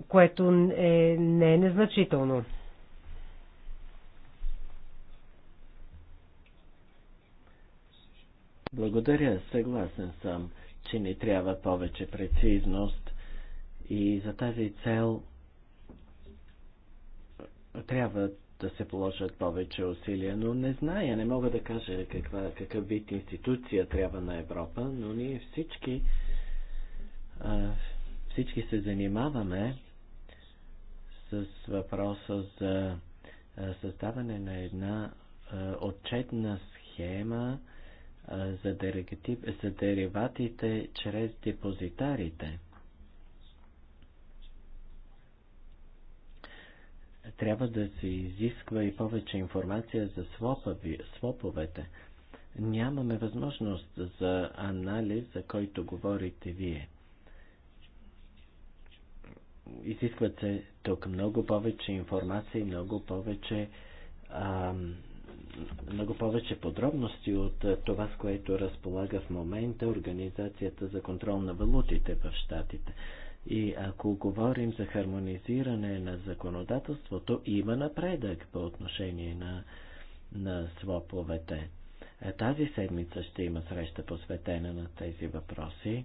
което е, не е незначително. Благодаря, съгласен съм, че ни трябва повече прецизност и за тази цел трябват да се положат повече усилия, но не зная, не мога да кажа каква, какъв вид институция трябва на Европа, но ние всички, а, всички се занимаваме с въпроса за създаване на една отчетна схема за дериватите чрез депозитарите. трябва да се изисква и повече информация за своповете. Нямаме възможност за анализ, за който говорите вие. Изискват се тук много повече информация и много повече, ам, много повече подробности от това, с което разполага в момента Организацията за контрол на валутите в Штатите. И ако говорим за хармонизиране на законодателството, има напредък по отношение на, на своповете. Е, тази седмица ще има среща посветена на тези въпроси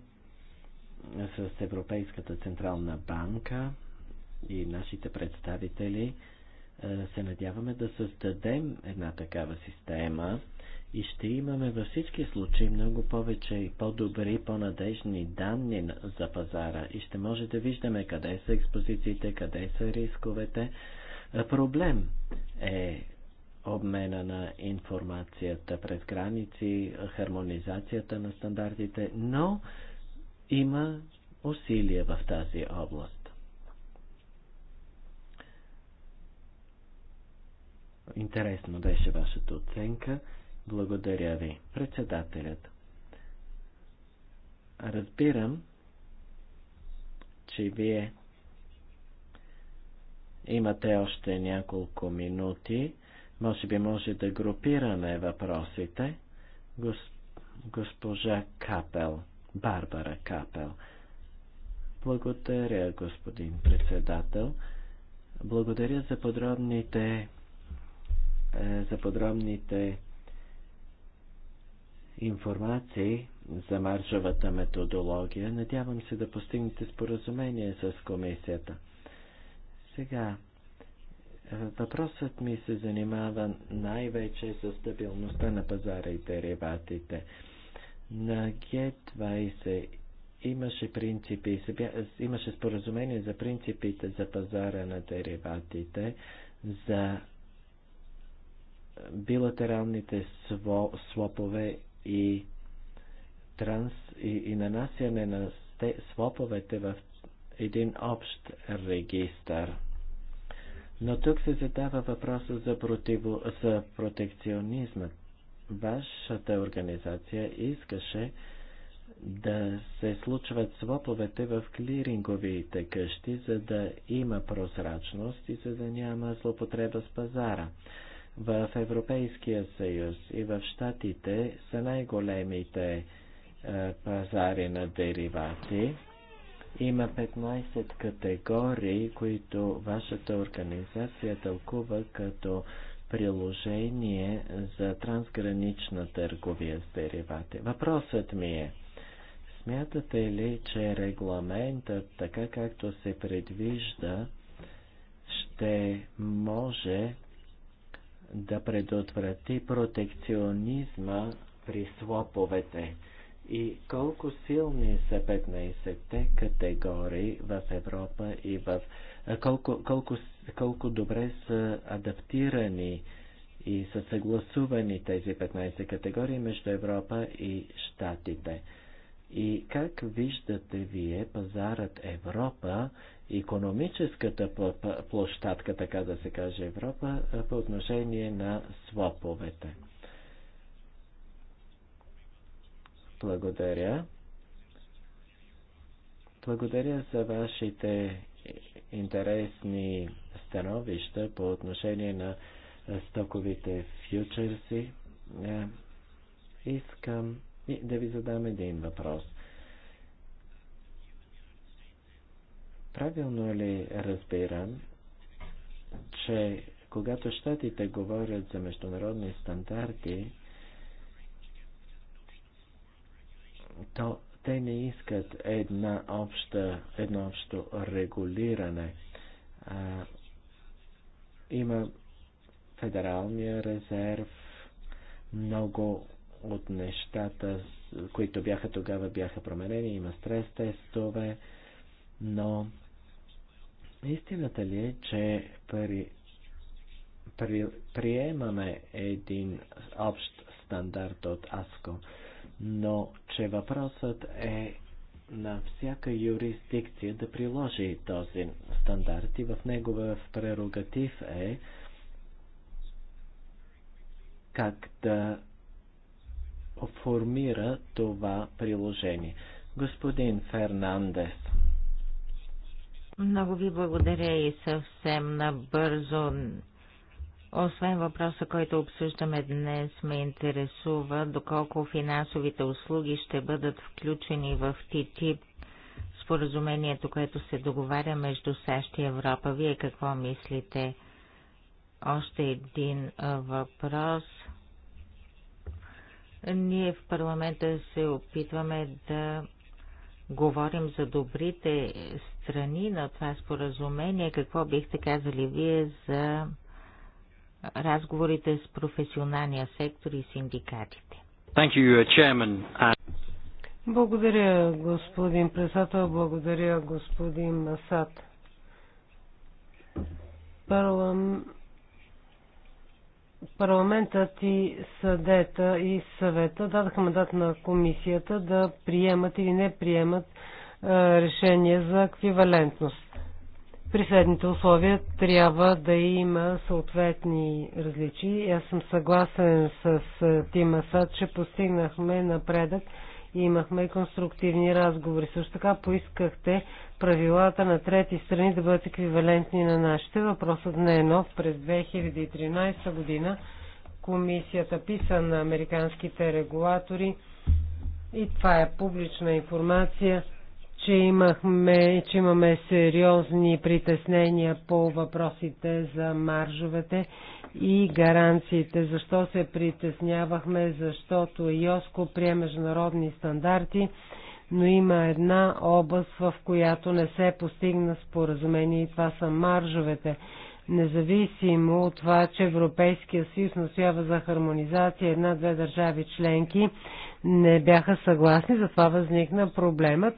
с Европейската централна банка и нашите представители. Е, се надяваме да създадем една такава система, и ще имаме във всички случаи много повече и по-добри, по-надежни данни за пазара и ще може да виждаме къде са експозициите, къде са рисковете. Проблем е обмена на информацията през граници, хармонизацията на стандартите, но има усилия в тази област. Интересно беше вашата оценка. Благодаря ви, председателят. Разбирам, че вие имате още няколко минути. Може би може да групираме въпросите. Гос... Госпожа Капел, Барбара Капел. Благодаря, господин председател. Благодаря за подробните е, за подробните информации за маржовата методология. Надявам се да постигнете споразумение с комисията. Сега, е, въпросът ми се занимава най-вече с стабилността на пазара и дериватите. На G20 имаше принципи, имаше споразумение за принципите за пазара на дериватите, за билатералните свопове и, транс, и, и нанасяне на своповете в един общ регистър. Но тук се задава въпроса за, противо, за протекционизма. Вашата организация искаше да се случват своповете в клиринговите къщи, за да има прозрачност и за да няма злопотреба с пазара в Европейския съюз и в Штатите са най-големите е, пазари на деривати. Има 15 категории, които вашата организация тълкува като приложение за трансгранична търговия с деривати. Въпросът ми е, смятате ли, че регламентът, така както се предвижда, ще може да предотврати протекционизма при слоповете и колко силни са 15-те категории в Европа и в колко, колко, колко добре са адаптирани и са съгласувани тези 15 категории между Европа и Штатите. И как виждате вие пазарът Европа, економическата площадка, така да се каже Европа, по отношение на Своповете? Благодаря. Благодаря за вашите интересни становища по отношение на стоковите фьючерси. Е, искам и да ви задам един въпрос. Правилно ли разбирам, че когато щатите говорят за международни стандарти, то те не искат една обща, едно общо регулиране. А, има федералния резерв, много от нещата, които бяха тогава, бяха променени. Има стрес тестове, но истината ли е, че при, при, приемаме един общ стандарт от АСКО, но че въпросът е на всяка юрисдикция да приложи този стандарт и в негова прерогатив е как да Оформира това приложение. Господин Фернандес. Много ви благодаря и съвсем набързо. Освен въпроса, който обсъждаме днес, ме интересува доколко финансовите услуги ще бъдат включени в ТТИП споразумението, което се договаря между САЩ и Европа. Вие какво мислите? Още един въпрос – ние в парламента се опитваме да говорим за добрите страни на това споразумение. Какво бихте казали вие за разговорите с професионалния сектор и синдикатите? Thank you, uh, chairman. Uh, Благодаря, господин председател. Благодаря, господин Масад. Парламентът и съдета и съвета дадаха мандат на комисията да приемат или не приемат е, решение за еквивалентност. При следните условия трябва да има съответни различия. Аз съм съгласен с е, Тима Сад, че постигнахме напредък имахме конструктивни разговори. Също така поискахте правилата на трети страни да бъдат еквивалентни на нашите. Въпросът не е нов. През 2013 година комисията писа на американските регулатори и това е публична информация, че, имахме, че имаме сериозни притеснения по въпросите за маржовете и гаранциите. Защо се притеснявахме? Защото Йоско прие международни стандарти, но има една област, в която не се постигна споразумение и това са маржовете. Независимо от това, че Европейския съюз настоява за хармонизация, една-две държави членки не бяха съгласни, затова възникна проблемът.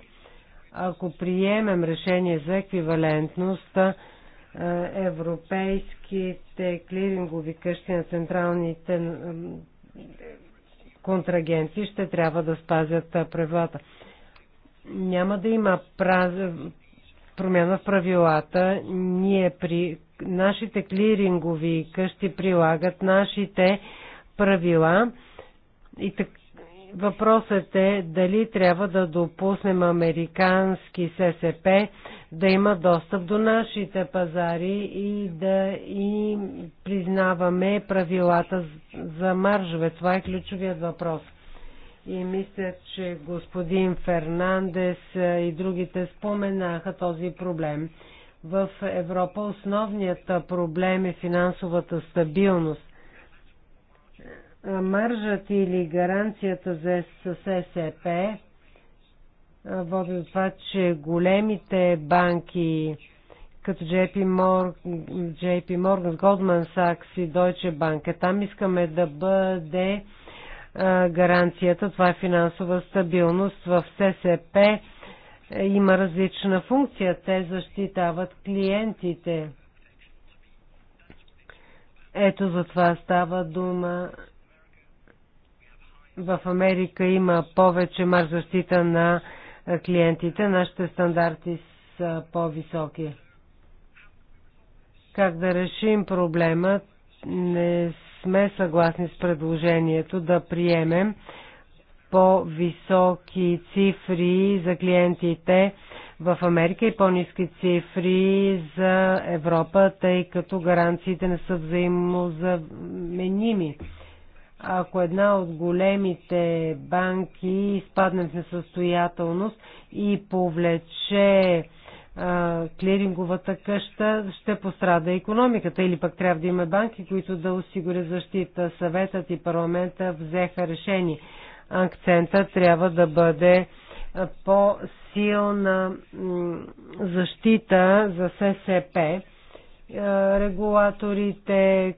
Ако приемем решение за еквивалентност, е, европейските клирингови къщи на централните контрагенти ще трябва да спазят правилата. Няма да има праз... промяна в правилата. Ние при нашите клирингови къщи прилагат нашите правила и така Въпросът е дали трябва да допуснем американски ССП да има достъп до нашите пазари и да и признаваме правилата за маржове. Това е ключовият въпрос. И мисля, че господин Фернандес и другите споменаха този проблем. В Европа основният проблем е финансовата стабилност маржът или гаранцията за ССП е води до това, че големите банки като JP Morgan, JP Morgan, Goldman Sachs и Deutsche Bank. Там искаме да бъде гаранцията. Това е финансова стабилност. В ССП има различна функция. Те защитават клиентите. Ето за това става дума в Америка има повече марш защита на клиентите. Нашите стандарти са по-високи. Как да решим проблема? Не сме съгласни с предложението да приемем по-високи цифри за клиентите в Америка и по-низки цифри за Европа, тъй като гаранциите не са взаимозаменими ако една от големите банки изпадне в несъстоятелност и повлече а, клиринговата къща, ще пострада економиката или пък трябва да има банки, които да осигурят защита. Съветът и парламента взеха решение. Акцента трябва да бъде по-силна защита за ССП е, регулаторите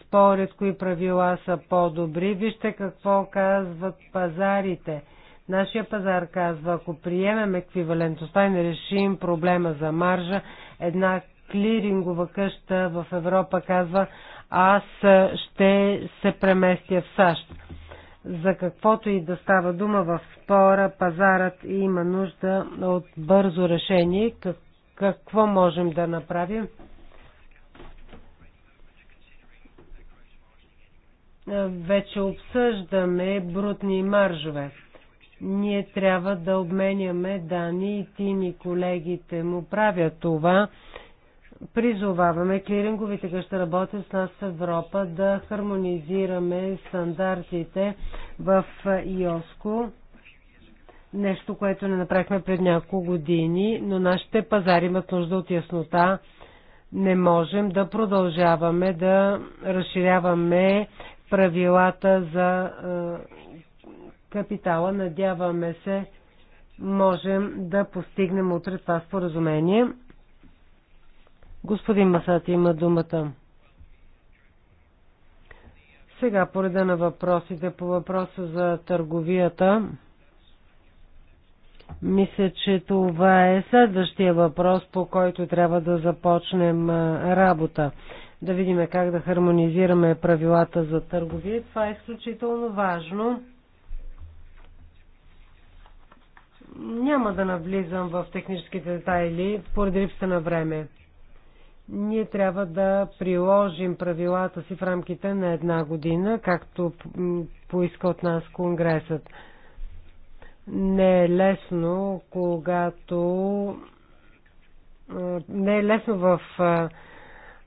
спорят кои правила са по-добри. Вижте какво казват пазарите. Нашия пазар казва, ако приемем еквивалентността и не решим проблема за маржа, една клирингова къща в Европа казва, аз ще се преместя в САЩ. За каквото и да става дума в спора, пазарът има нужда от бързо решение. Какво можем да направим? Е, вече обсъждаме брутни маржове. Ние трябва да обменяме данни и ти ни колегите му правят това. Призоваваме клиринговите къща работят с нас в Европа, да хармонизираме стандартите в ИОСКО. Нещо, което не направихме пред няколко години, но нашите пазари имат нужда от яснота не можем да продължаваме да разширяваме правилата за капитала. Надяваме се, можем да постигнем утре това споразумение. Господин Масати има думата. Сега пореда на въпросите по въпроса за търговията. Мисля, че това е следващия въпрос, по който трябва да започнем работа да видим как да хармонизираме правилата за търговия. Това е изключително важно. Няма да навлизам в техническите детайли поради липса на време. Ние трябва да приложим правилата си в рамките на една година, както поиска от нас Конгресът. Не е лесно, когато не е лесно в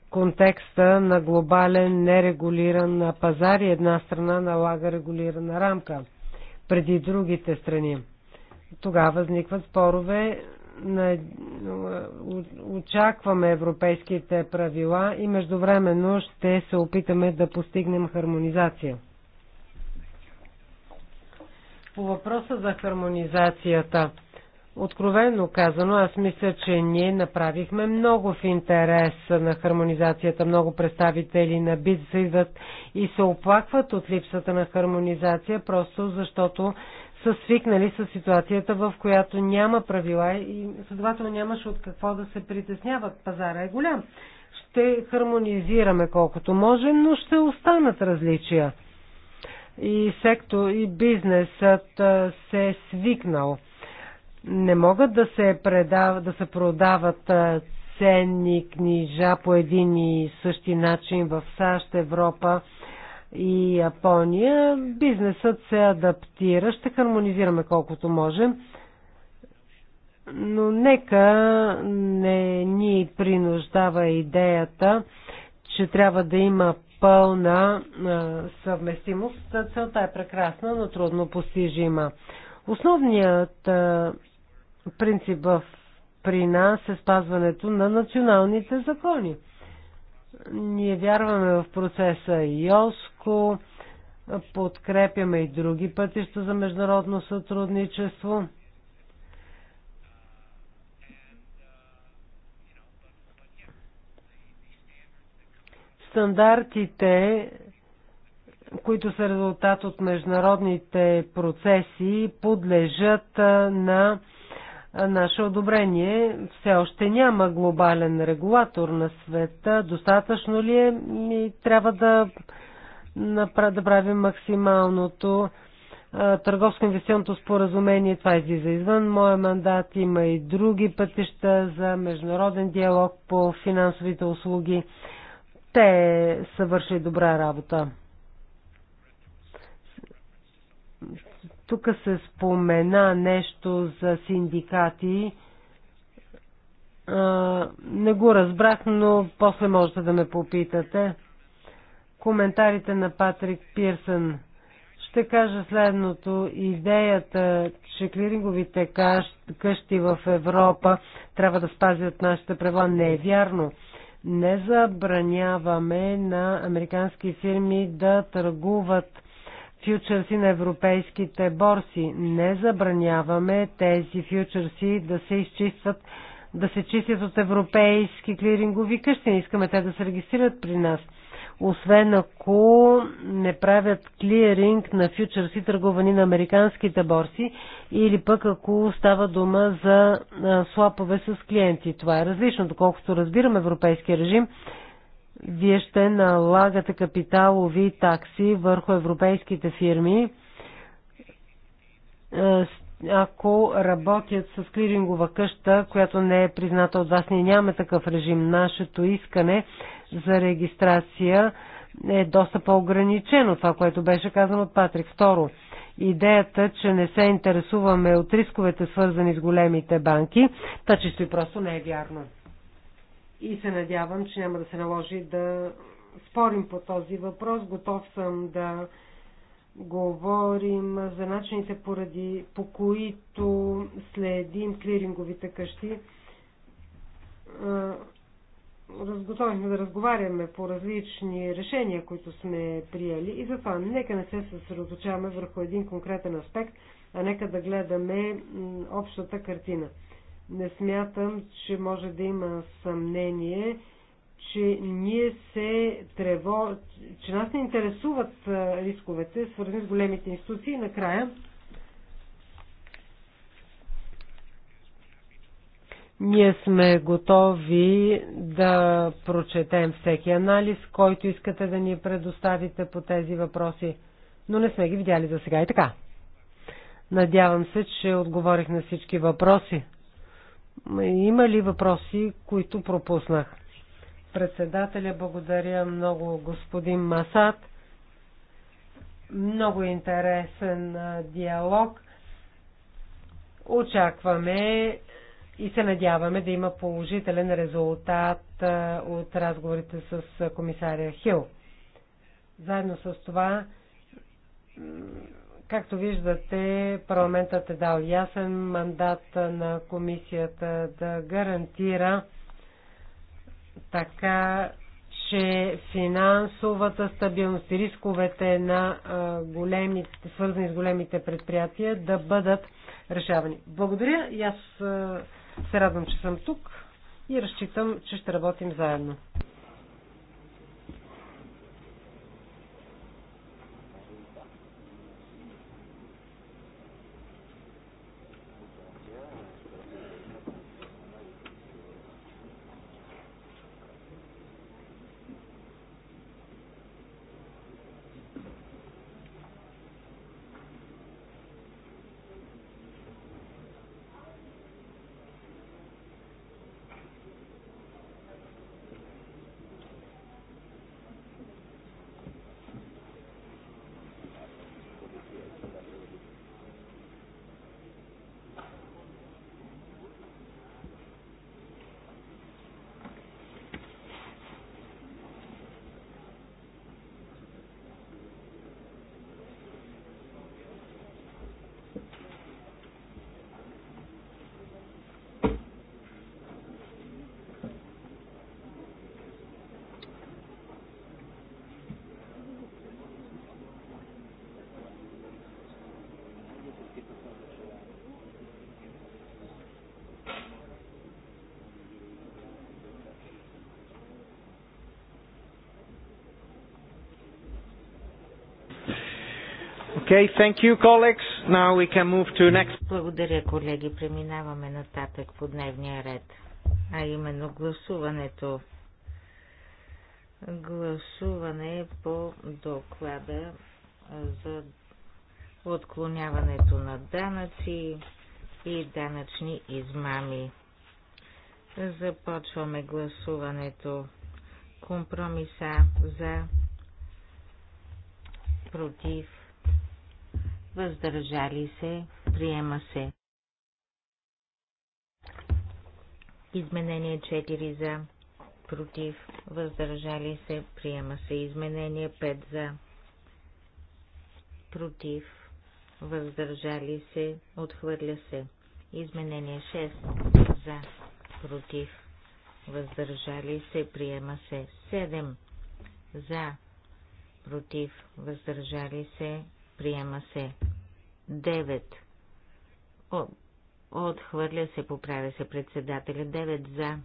контекста на глобален нерегулиран пазар и една страна налага регулирана рамка преди другите страни. Тогава възникват спорове. На... Очакваме европейските правила и междувременно ще се опитаме да постигнем хармонизация. По въпроса за хармонизацията – Откровенно казано, аз мисля, че ние направихме много в интерес на хармонизацията. Много представители на бизнеса идват и се оплакват от липсата на хармонизация, просто защото са свикнали с ситуацията, в която няма правила и следователно нямаше от какво да се притесняват. Пазара е голям. Ще хармонизираме колкото можем, но ще останат различия. И сектор, и бизнесът се е свикнал не могат да се, предав, да се продават ценни книжа по един и същи начин в САЩ, Европа и Япония. Бизнесът се адаптира, ще хармонизираме колкото можем, но нека не ни принуждава идеята, че трябва да има пълна съвместимост. Целта е прекрасна, но трудно постижима. Основният принцип в при нас е спазването на националните закони. Ние вярваме в процеса ИОСКО, подкрепяме и други пътища за международно сътрудничество. Стандартите, които са резултат от международните процеси, подлежат на наше одобрение. Все още няма глобален регулатор на света. Достатъчно ли е? И трябва да, да правим максималното. Търговско-инвестиционното споразумение, това излиза извън моя мандат, има и други пътища за международен диалог по финансовите услуги. Те са вършили добра работа. Тук се спомена нещо за синдикати. Не го разбрах, но после можете да ме попитате. Коментарите на Патрик Пирсън. Ще кажа следното. Идеята, че клиринговите къщи в Европа трябва да спазят нашите права, не е вярно. Не забраняваме на американски фирми да търгуват фьючерси на европейските борси. Не забраняваме тези фьючерси да се изчистват, да се чистят от европейски клирингови къщи. Не искаме те да се регистрират при нас. Освен ако не правят клиринг на фьючерси, търговани на американските борси, или пък ако става дума за слапове с клиенти. Това е различно. Доколкото разбирам европейския режим, вие ще налагате капиталови такси върху европейските фирми, е, ако работят с клирингова къща, която не е призната от вас. Ние нямаме такъв режим. Нашето искане за регистрация е доста по-ограничено, това, което беше казано от Патрик. Второ, идеята, че не се интересуваме от рисковете, свързани с големите банки, та чисто и просто не е вярно и се надявам, че няма да се наложи да спорим по този въпрос. Готов съм да говорим за начините, поради, по които следим клиринговите къщи. Разготовихме да разговаряме по различни решения, които сме приели и затова нека не се съсредоточаваме върху един конкретен аспект, а нека да гледаме общата картина не смятам, че може да има съмнение, че ние се трево, че нас не интересуват рисковете, свързани с големите институции. И накрая, ние сме готови да прочетем всеки анализ, който искате да ни предоставите по тези въпроси, но не сме ги видяли за сега и така. Надявам се, че отговорих на всички въпроси. Има ли въпроси, които пропуснах? Председателя, благодаря много господин Масад. Много интересен диалог. Очакваме и се надяваме да има положителен резултат от разговорите с комисаря Хил. Заедно с това Както виждате, парламентът е дал ясен мандат на комисията да гарантира така, че финансовата стабилност и рисковете на големите, свързани с големите предприятия да бъдат решавани. Благодаря и аз се радвам, че съм тук и разчитам, че ще работим заедно. Okay, thank you, colleagues. Now we can move to next. Благодаря, колеги. Преминаваме нататък по дневния ред, а именно гласуването. Гласуване по доклада за отклоняването на данъци и данъчни измами. Започваме гласуването. Компромиса за против въздържали се, приема се. Изменение 4 за, против, въздържали се, приема се. Изменение 5 за, против, въздържали се, отхвърля се. Изменение 6 за, против, въздържали се, приема се. 7 за, против, въздържали се, приема се. 9. Отхвърля се, поправя се председателя. 9 за,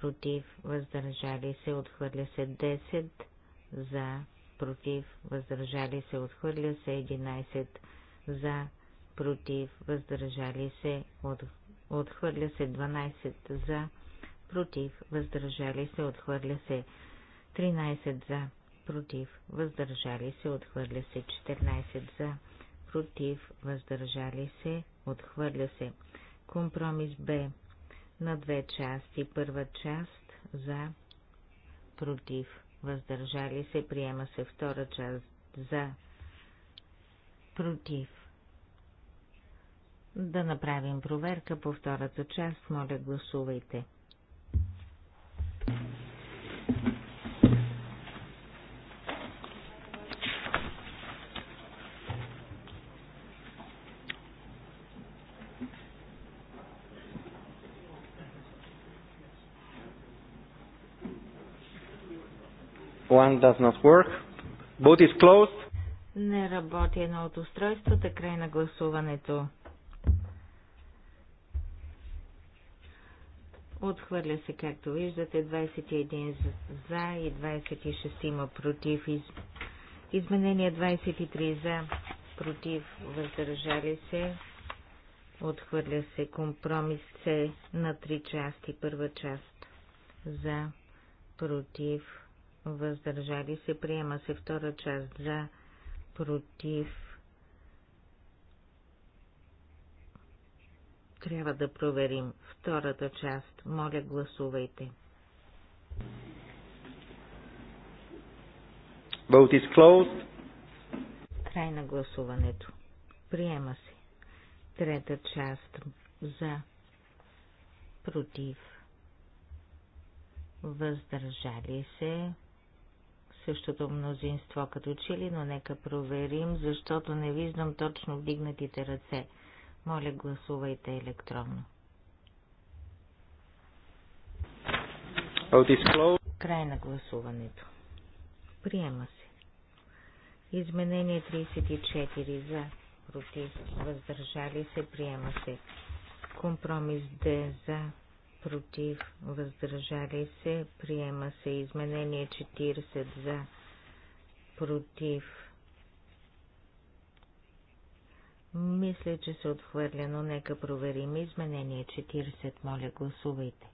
против, въздържали се, отхвърля се. 10 за, против, въздържали се, отхвърля се. 11 за, против, въздържали се, отхвърля се. 12 за, против, въздържали се, отхвърля се. 13 за, против, въздържали се, отхвърля се 14 за, против, въздържали се, отхвърля се. Компромис Б на две части. Първа част за, против, въздържали се, приема се втора част за, против. Да направим проверка по втората част, моля гласувайте. One does not work. Vote is closed. Не работи едно от устройствата. Край на гласуването. Отхвърля се, както виждате, 21 за и 26 има против. Из... Изменение 23 за, против, въздържали се. Отхвърля се компромис С на три части. Първа част за, против, въздържали се, приема се втора част за, против. Трябва да проверим втората част. Моля, гласувайте. Vote is closed. Край на гласуването. Приема се. Трета част за, против, въздържали се, същото мнозинство като чили, но нека проверим, защото не виждам точно вдигнатите ръце. Моля, гласувайте електронно. Край на гласуването. Приема се. Изменение 34 за, против, въздържали се, приема се. Компромис Д за, против, въздържали се, приема се изменение 40 за, против. Мисля, че се отхвърля, но нека проверим изменение 40. Моля, гласувайте.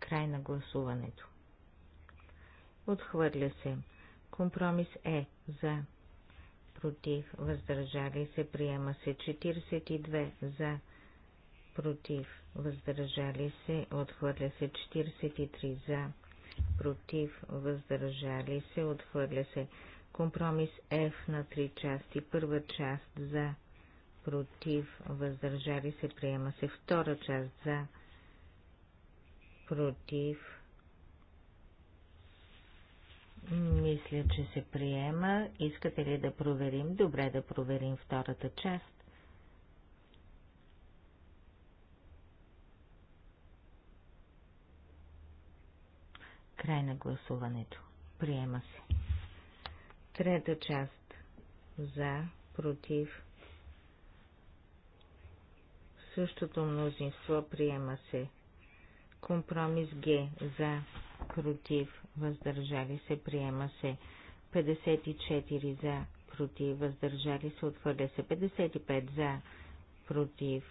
Край на гласуването. Отхвърля се. Компромис е за против, въздържали се, приема се 42 за, против, въздържали се, отхвърля се 43 за, против, въздържали се, отхвърля се. Компромис F на три части. Първа част за, против, въздържали се, приема се. Втора част за, против, мисля, че се приема. Искате ли да проверим? Добре да проверим втората част. Край на гласуването. Приема се. Трета част. За, против. Същото мнозинство приема се. Компромис Г за, против, въздържали се, приема се. 54 за, против, въздържали се, отхвърля се. 55 за, против,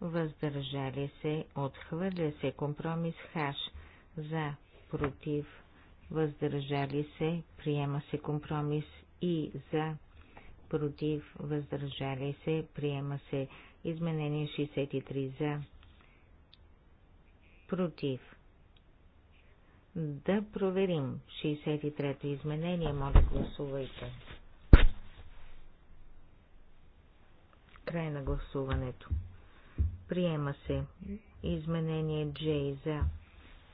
въздържали се, отхвърля се. Компромис Х за, против, въздържали се, приема се. Компромис И за, против, въздържали се, приема се. Изменение 63 за, против. Да проверим 63-то изменение, моля гласувайте. Край на гласуването. Приема се изменение J за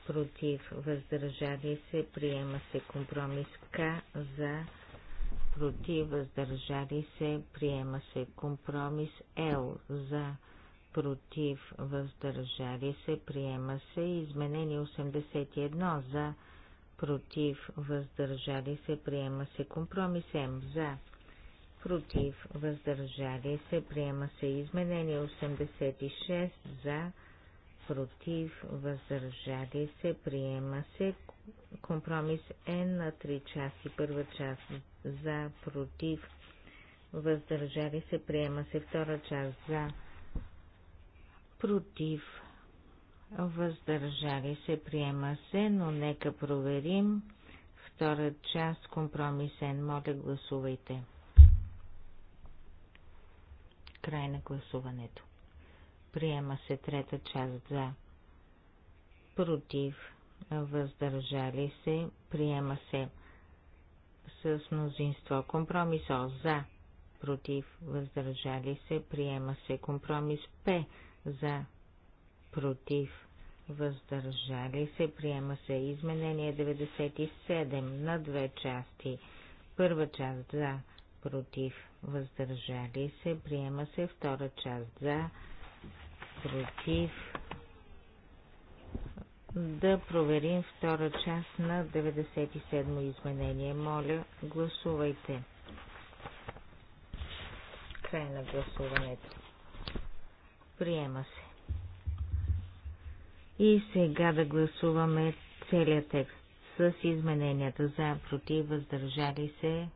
против, въздържали се, приема се компромис К за против, въздържали се, приема се компромис Л за против против, въздържали се, приема се. Изменение 81 за, против, въздържали се, приема се. Компромис М за, против, въздържали се, приема се. Изменение 86 за, против, въздържали се, приема се. Компромис Н на 3 части. Първа част за, против, въздържали се, приема се. Втора част за, против, въздържали се, приема се, но нека проверим. Втора част, компромисен, моля гласувайте. Край на гласуването. Приема се трета част за. Против, въздържали се, приема се с мнозинство. Компромис О за, против, въздържали се, приема се. Компромис П за, против, въздържали се, приема се изменение 97 на две части. Първа част за, против, въздържали се, приема се втора част за, против. Да проверим втора част на 97 изменение. Моля, гласувайте. Край на гласуването. Приема се. И сега да гласуваме целият текст с измененията за, против, въздържали се.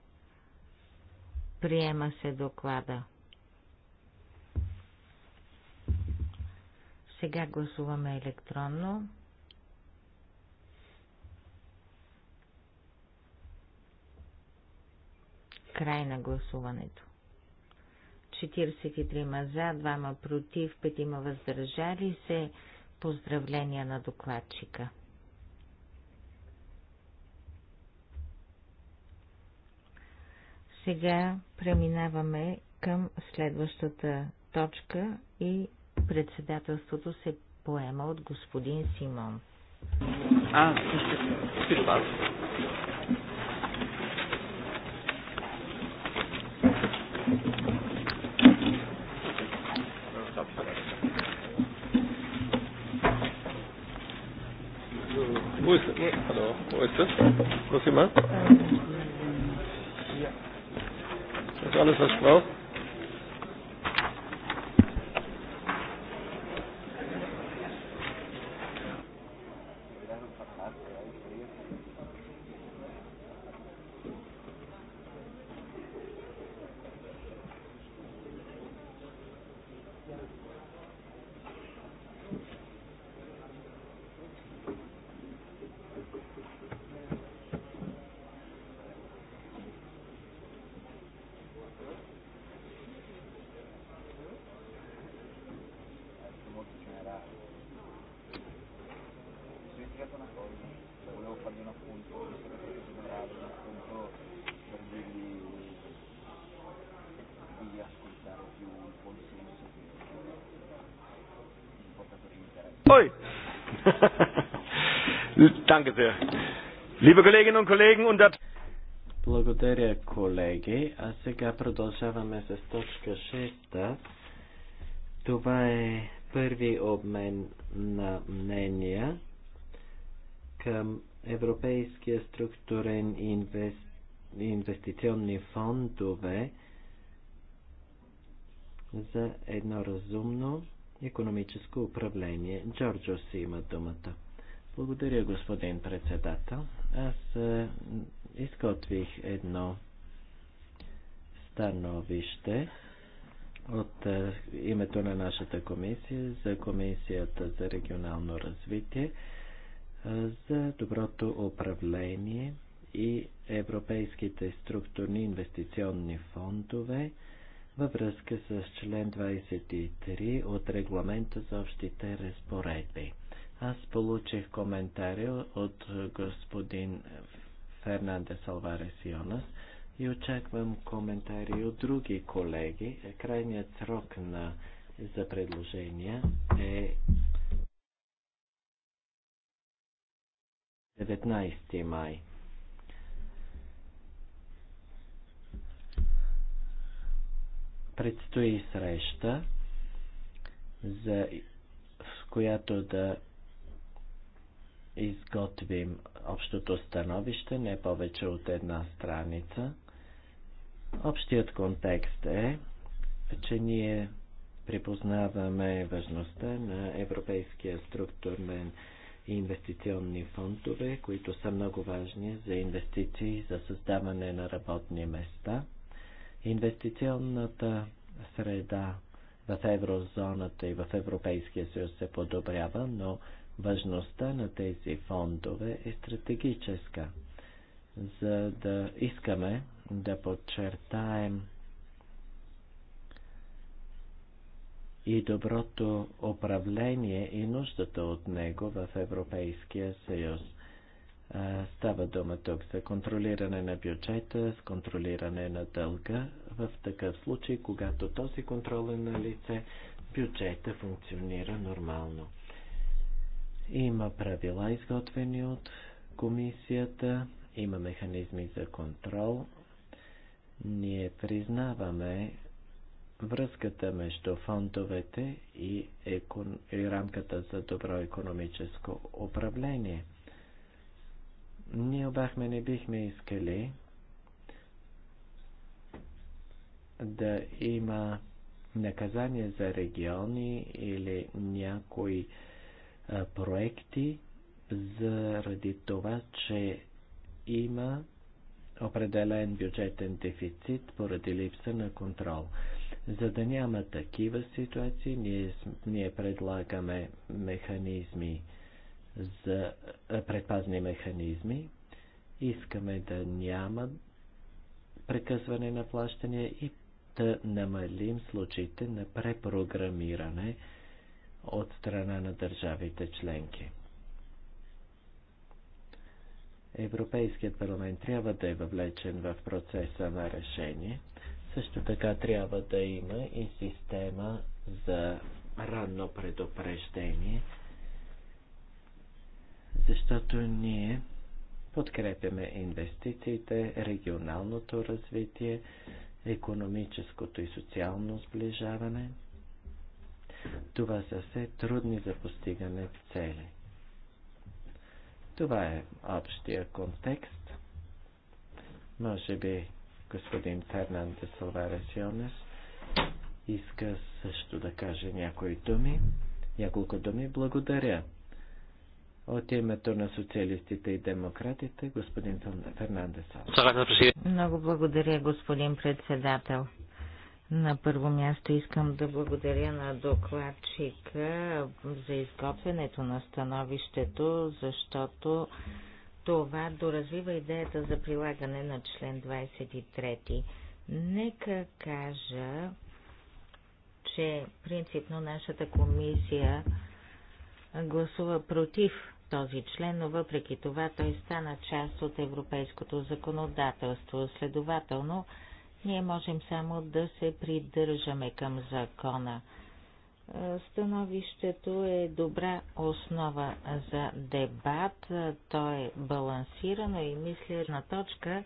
Приема се доклада. Сега гласуваме електронно. Край на гласуването. 43 за, 2 против, 5 въздържали се. Поздравления на докладчика. Сега преминаваме към следващата точка и председателството се поема от господин Симон. А, Wo ist das? Muss ich mal? Das ist alles, was ich brauche. Danke sehr. Liebe Kolleginnen und Kollegen, Благодаря, колеги. А сега продължаваме с точка 6. Това е първи обмен на мнения към Европейския структурен инвест... инвестиционни фондове за едно разумно економическо управление. Джорджо си има думата. Благодаря, господин председател. Аз е, изготвих едно становище от е, името на нашата комисия за Комисията за регионално развитие е, за доброто управление и европейските структурни инвестиционни фондове във връзка с член 23 от регламента за общите разпоредби. Аз получих коментари от господин Фернандес Алварес Йонас и очаквам коментари от други колеги. Крайният срок на, за предложения е 19 май. Предстои среща, за, която да изготвим общото становище, не повече от една страница. Общият контекст е, че ние припознаваме важността на Европейския структурен и инвестиционни фондове, които са много важни за инвестиции, за създаване на работни места. Инвестиционната среда в еврозоната и в Европейския съюз се подобрява, но Важността на тези фондове е стратегическа, за да искаме да подчертаем и доброто управление и нуждата от него в Европейския съюз. Става дума тук за контролиране на бюджета, с контролиране на дълга, в такъв случай, когато този контрол е на лице, бюджета функционира нормално. Има правила, изготвени от комисията, има механизми за контрол. Ние признаваме връзката между фондовете и, екон... и рамката за добро економическо управление. Ние обахме не бихме искали да има наказание за региони или някои проекти заради това, че има определен бюджетен дефицит поради липса на контрол. За да няма такива ситуации, ние, ние предлагаме механизми за предпазни механизми. Искаме да няма прекъсване на плащания и да намалим случаите на препрограмиране от страна на държавите членки. Европейският парламент трябва да е въвлечен в процеса на решение. Също така трябва да има и система за ранно предупреждение, защото ние подкрепяме инвестициите, регионалното развитие, економическото и социално сближаване – това са все трудни за постигане цели. Това е общия контекст. Може би господин Фернанде Салварес Йонес иска също да каже някои думи. Няколко думи благодаря. От името на социалистите и демократите, господин Фернандес. Много благодаря, господин председател. На първо място искам да благодаря на докладчика за изготвянето на становището, защото това доразвива идеята за прилагане на член 23. Нека кажа, че принципно нашата комисия гласува против този член, но въпреки това той стана част от европейското законодателство. Следователно, ние можем само да се придържаме към закона. Е, становището е добра основа за дебат, е, то е балансирано и мисля на точка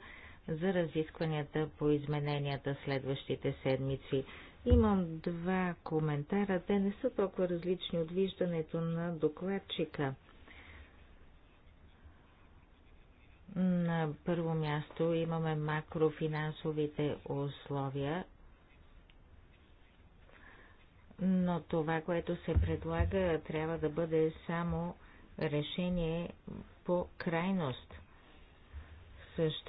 за разискванията по измененията следващите седмици. Имам два коментара, те не са толкова различни от виждането на докладчика. На първо място имаме макрофинансовите условия, но това, което се предлага, трябва да бъде само решение по крайност.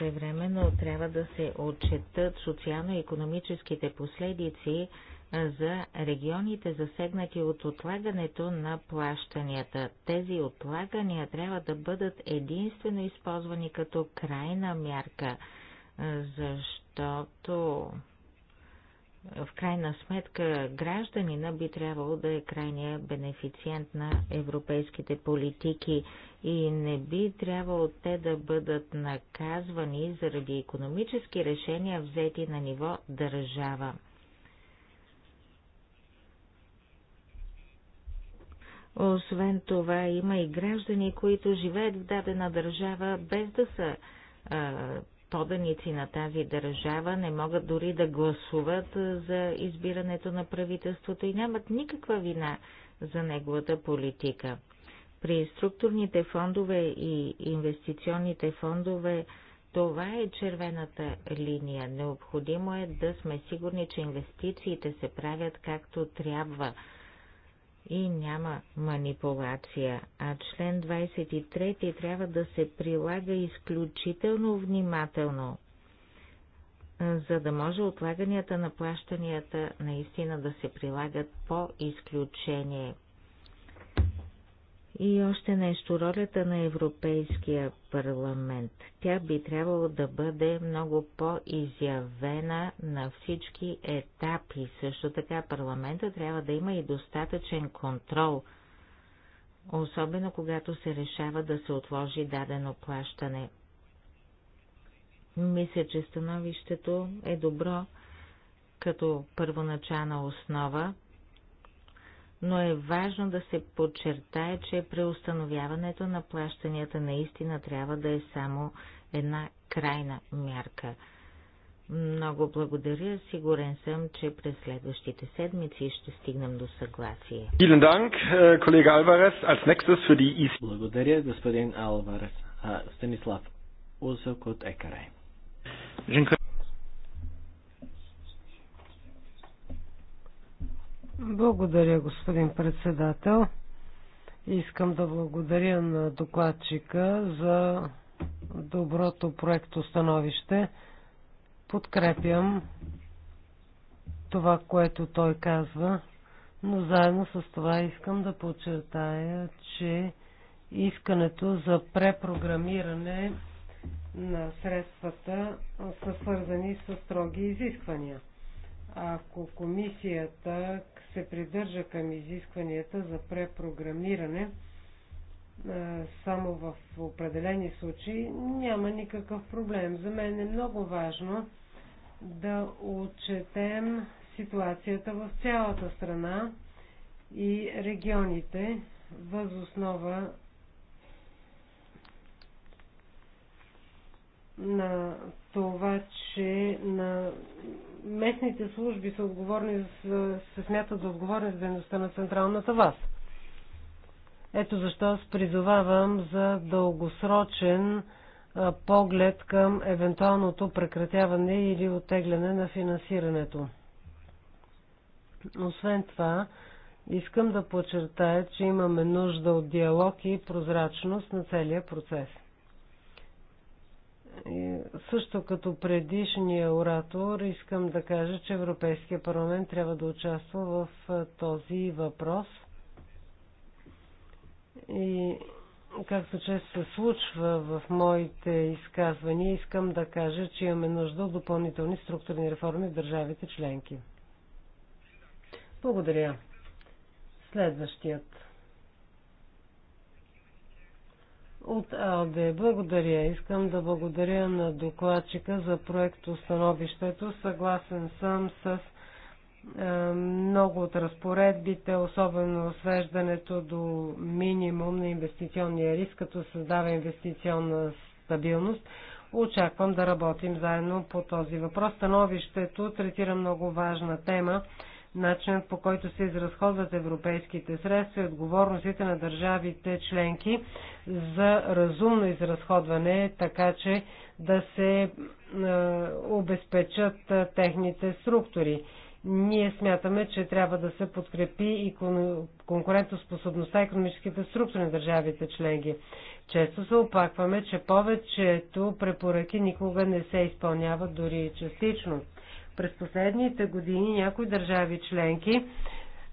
времено трябва да се отчетат социално-економическите последици за регионите засегнати от отлагането на плащанията. Тези отлагания трябва да бъдат единствено използвани като крайна мярка, защото в крайна сметка гражданина би трябвало да е крайния бенефициент на европейските политики и не би трябвало те да бъдат наказвани заради економически решения взети на ниво държава. Освен това има и граждани, които живеят в дадена държава без да са а, поданици на тази държава, не могат дори да гласуват за избирането на правителството и нямат никаква вина за неговата политика. При структурните фондове и инвестиционните фондове това е червената линия. Необходимо е да сме сигурни, че инвестициите се правят както трябва – и няма манипулация, а член 23 трябва да се прилага изключително внимателно, за да може отлаганията на плащанията наистина да се прилагат по изключение. И още нещо, ролята на Европейския парламент. Тя би трябвало да бъде много по-изявена на всички етапи. Също така парламента трябва да има и достатъчен контрол, особено когато се решава да се отложи дадено плащане. Мисля, че становището е добро като първоначална основа, но е важно да се подчертае, че преустановяването на плащанията наистина трябва да е само една крайна мярка. Много благодаря. Сигурен съм, че през следващите седмици ще стигнем до съгласие. Э, благодаря, господин Алварес. Станислав Узък от Екарай. Благодаря, господин председател. Искам да благодаря на докладчика за доброто проекто становище. Подкрепям това, което той казва, но заедно с това искам да подчертая, че искането за препрограмиране на средствата са свързани с строги изисквания – ако комисията се придържа към изискванията за препрограмиране, само в определени случаи, няма никакъв проблем. За мен е много важно да отчетем ситуацията в цялата страна и регионите възоснова на това, че на местните служби са отговорни, за, се смятат за отговорни за дейността на централната власт. Ето защо аз призовавам за дългосрочен поглед към евентуалното прекратяване или оттегляне на финансирането. Освен това, искам да подчертая, че имаме нужда от диалог и прозрачност на целия процес също като предишния оратор искам да кажа, че Европейския парламент трябва да участва в този въпрос. И както често се случва в моите изказвания, искам да кажа, че имаме нужда от допълнителни структурни реформи в държавите членки. Благодаря. Следващият От АЛД благодаря. Искам да благодаря на докладчика за проекто становището. Съгласен съм с много от разпоредбите, особено свеждането до минимум на инвестиционния риск, като създава инвестиционна стабилност. Очаквам да работим заедно по този въпрос. Становището третира много важна тема начинът по който се изразходват европейските средства и отговорностите на държавите членки за разумно изразходване, така че да се е, обезпечат е, техните структури. Ние смятаме, че трябва да се подкрепи и конкурентоспособността и економическите структури на държавите членки. Често се опакваме, че повечето препоръки никога не се изпълняват дори частично през последните години някои държави членки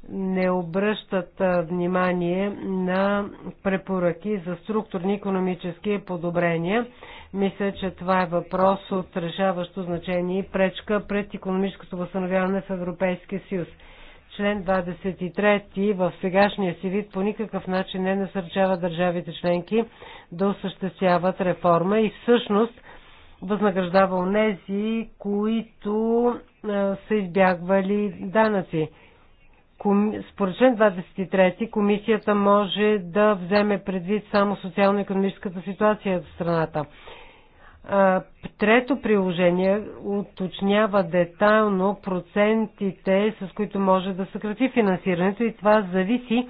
не обръщат внимание на препоръки за структурни економически подобрения. Мисля, че това е въпрос от решаващо значение и пречка пред економическото възстановяване в Европейския съюз. Член 23 в сегашния си вид по никакъв начин не насърчава държавите членки да осъществяват реформа и всъщност възнаграждава онези, които са избягвали данъци. Според член 23 комисията може да вземе предвид само социално-економическата ситуация в страната. Трето приложение уточнява детайлно процентите, с които може да съкрати финансирането и това зависи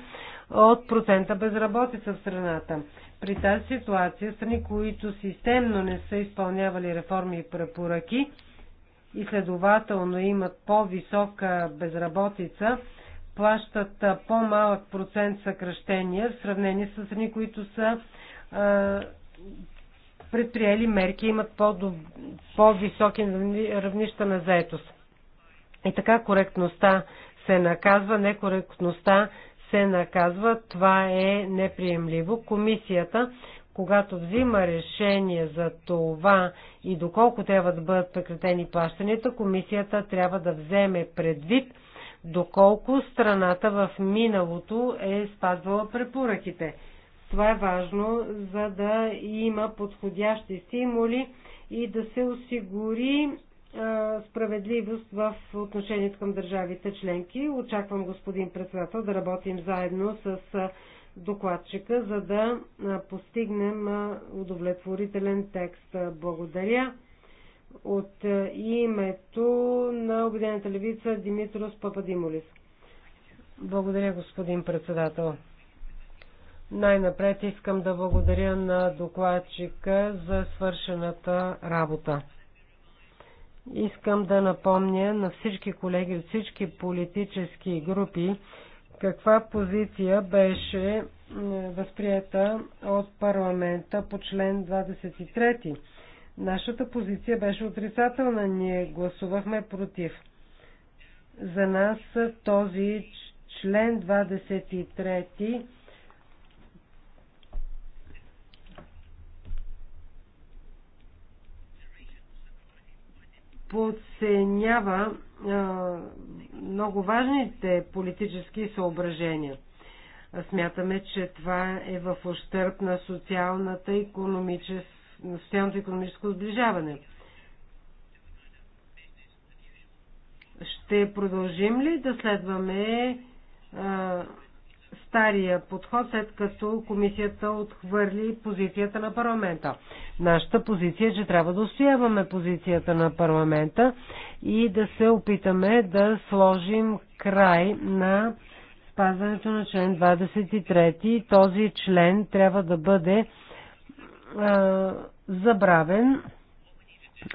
от процента безработица в страната. При тази ситуация страни, които системно не са изпълнявали реформи и препоръки и следователно имат по-висока безработица, плащат по-малък процент съкръщения в сравнение с страни, които са а, предприели мерки, имат по-високи по равнища на заетост. И така коректността се наказва, некоректността се наказва. Това е неприемливо. Комисията, когато взима решение за това и доколко трябва да бъдат прекратени плащанията, комисията трябва да вземе предвид доколко страната в миналото е спазвала препоръките. Това е важно, за да има подходящи стимули и да се осигури справедливост в отношението към държавите членки. Очаквам, господин председател, да работим заедно с докладчика, за да постигнем удовлетворителен текст. Благодаря. От името на Обединената левица Димитрос Пападимолис. Благодаря, господин председател. Най-напред искам да благодаря на докладчика за свършената работа. Искам да напомня на всички колеги от всички политически групи каква позиция беше възприета от парламента по член 23. Нашата позиция беше отрицателна. Ние гласувахме против. За нас този член 23 подценява много важните политически съображения. Смятаме, че това е в ущърп на социалната економичес... на социалното економическо сближаване. Ще продължим ли да следваме стария подход, след като комисията отхвърли позицията на парламента. Нашата позиция е, че трябва да устояваме позицията на парламента и да се опитаме да сложим край на спазването на член 23. Този член трябва да бъде а, забравен.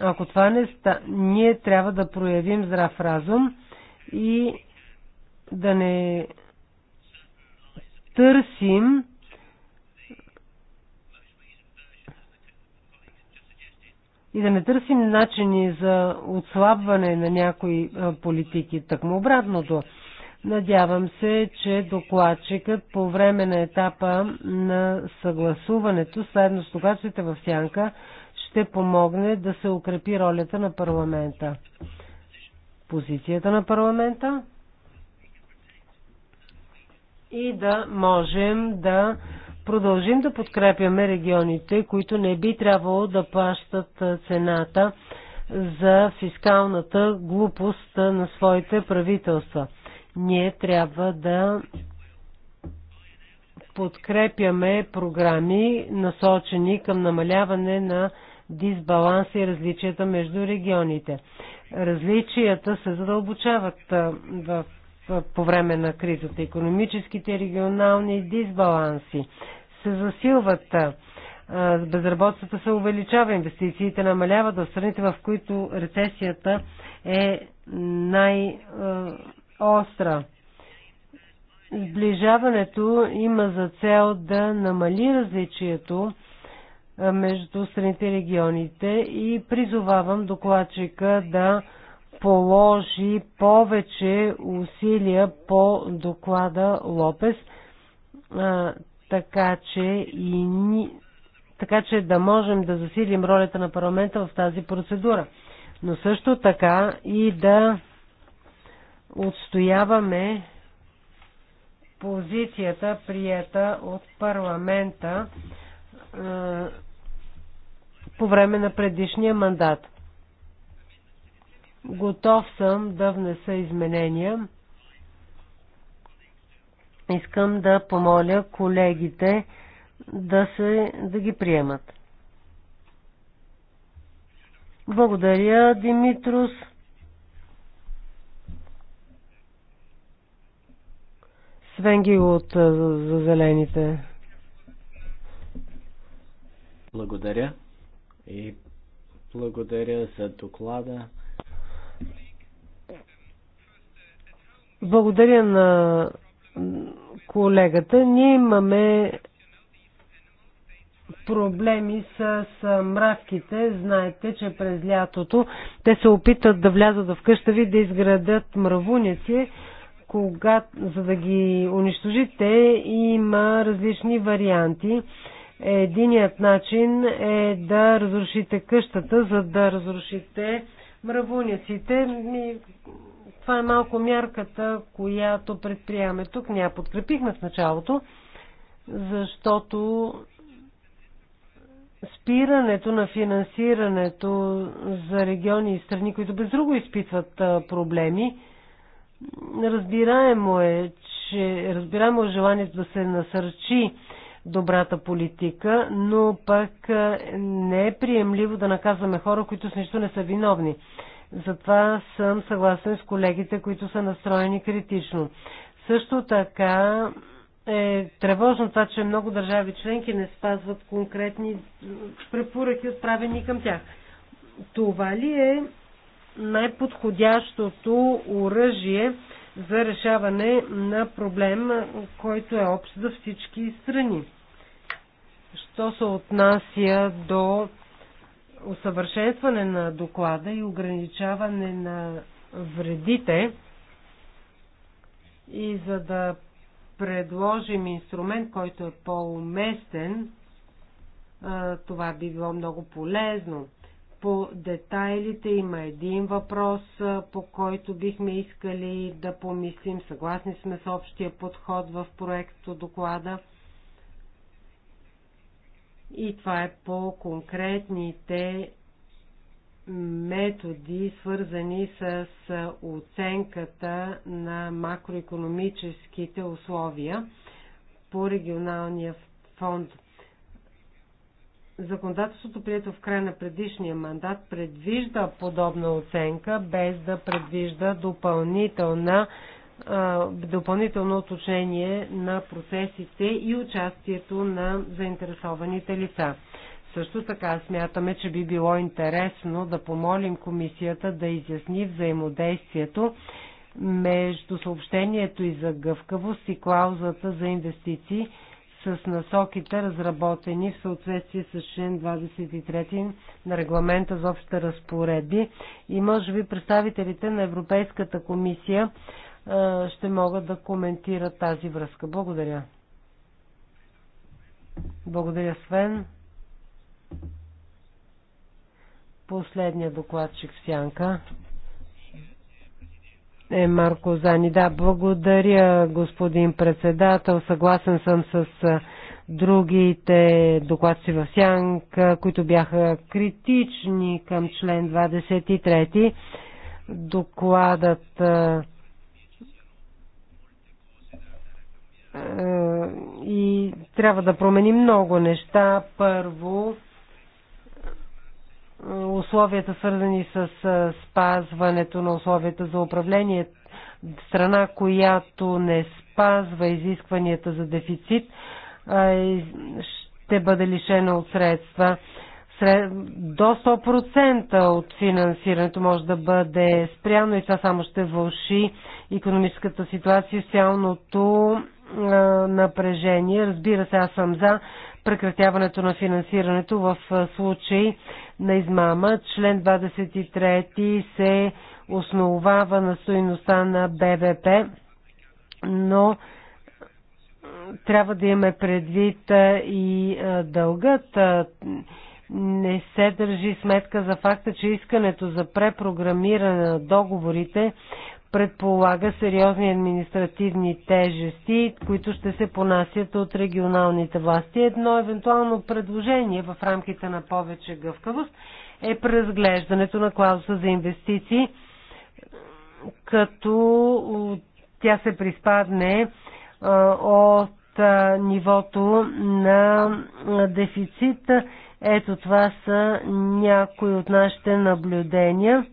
Ако това не ста, ние трябва да проявим здрав разум и да не търсим и да не търсим начини за отслабване на някои политики. тъкмо обратното. Надявам се, че докладчикът по време на етапа на съгласуването, с докладчите в сянка, ще помогне да се укрепи ролята на парламента. Позицията на парламента? и да можем да продължим да подкрепяме регионите, които не би трябвало да плащат цената за фискалната глупост на своите правителства. Ние трябва да подкрепяме програми, насочени към намаляване на дисбаланс и различията между регионите. Различията се задълбочават в по време на кризата. Економическите и регионални дисбаланси се засилват. безработствата се увеличава, инвестициите намаляват в страните, в които рецесията е най-остра. Сближаването има за цел да намали различието между страните и регионите и призовавам докладчика да положи повече усилия по доклада Лопес, а, така че и ни, така че да можем да засилим ролята на парламента в тази процедура. Но също така и да отстояваме позицията, приета от парламента а, по време на предишния мандат. Готов съм да внеса изменения. Искам да помоля колегите да, се, да ги приемат. Благодаря, Димитрус. Свенги от за зелените. Благодаря. И благодаря за доклада. Благодаря на колегата. Ние имаме проблеми с мравките. Знаете, че през лятото те се опитат да влязат в къща ви, да изградят мравуници. Кога, за да ги унищожите, има различни варианти. Единият начин е да разрушите къщата, за да разрушите мравуниците. Това е малко мярката, която предприемаме тук. Ние подкрепихме в началото, защото спирането на финансирането за региони и страни, които без друго изпитват проблеми, разбираемо е, че разбираемо е желанието да се насърчи добрата политика, но пък не е приемливо да наказваме хора, които с нищо не са виновни. Затова съм съгласен с колегите, които са настроени критично. Също така е тревожно това, че много държави членки не спазват конкретни препоръки, отправени към тях. Това ли е най-подходящото оръжие за решаване на проблем, който е общ за всички страни? Що се отнася до усъвършенстване на доклада и ограничаване на вредите и за да предложим инструмент, който е по-уместен, това би било много полезно. По детайлите има един въпрос, по който бихме искали да помислим. Съгласни сме с общия подход в проекто доклада. И това е по конкретните методи, свързани с оценката на макроекономическите условия по регионалния фонд. Законодателството, прието в края на предишния мандат, предвижда подобна оценка, без да предвижда допълнителна допълнително уточнение на процесите и участието на заинтересованите лица. Също така смятаме, че би било интересно да помолим комисията да изясни взаимодействието между съобщението и за гъвкавост и клаузата за инвестиции с насоките, разработени в съответствие с член 23 на регламента за общите разпоредби. И може би представителите на Европейската комисия ще могат да коментират тази връзка. Благодаря. Благодаря, Свен. Последният докладчик в сянка е Марко Зани. Да, благодаря, господин председател. Съгласен съм с другите докладци в сянка, които бяха критични към член 23. Докладът Е, и трябва да промени много неща. Първо, условията свързани с е, спазването на условията за управление. Страна, която не спазва изискванията за дефицит, е, ще бъде лишена от средства. До 100% от финансирането може да бъде спряно и това само ще вълши економическата ситуация и социалното напрежение. Разбира се, аз съм за прекратяването на финансирането в случай на измама. Член 23 се основава на стоиността на БВП, но трябва да имаме предвид и дългът. Не се държи сметка за факта, че искането за препрограмиране на договорите предполага сериозни административни тежести, които ще се понасят от регионалните власти. Едно евентуално предложение в рамките на повече гъвкавост е преразглеждането на клауса за инвестиции, като тя се приспадне от нивото на дефицит. Ето това са някои от нашите наблюдения.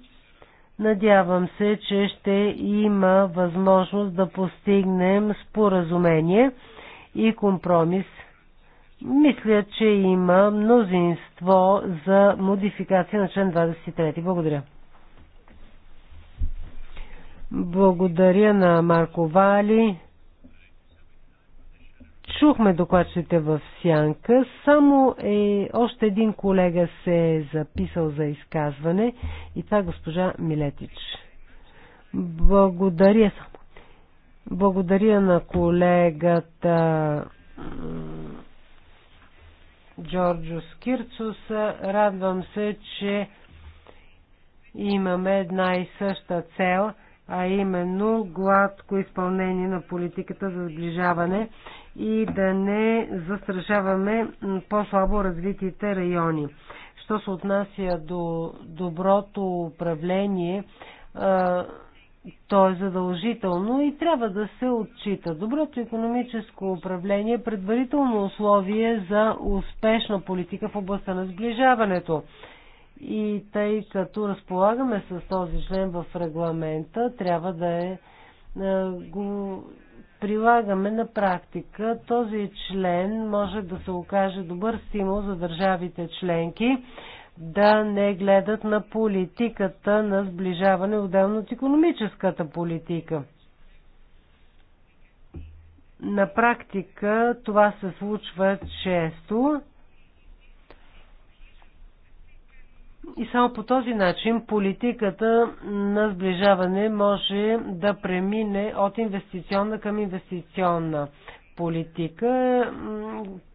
Надявам се, че ще има възможност да постигнем споразумение и компромис. Мисля, че има мнозинство за модификация на член 23. Благодаря. Благодаря на Марко Вали. Чухме докладчите в сянка. Само е, още един колега се е записал за изказване и това е госпожа Милетич. Благодаря само. Благодаря на колегата Джорджо Скирцус. Радвам се, че имаме една и съща цел, а именно гладко изпълнение на политиката за сближаване и да не застрашаваме по-слабо развитите райони. Що се отнася до доброто управление, то е задължително и трябва да се отчита. Доброто економическо управление е предварително условие за успешна политика в областта на сближаването. И тъй като разполагаме с този член в регламента, трябва да е, го прилагаме на практика. Този член може да се окаже добър стимул за държавите членки да не гледат на политиката на сближаване отделно от економическата политика. На практика това се случва често И само по този начин политиката на сближаване може да премине от инвестиционна към инвестиционна политика.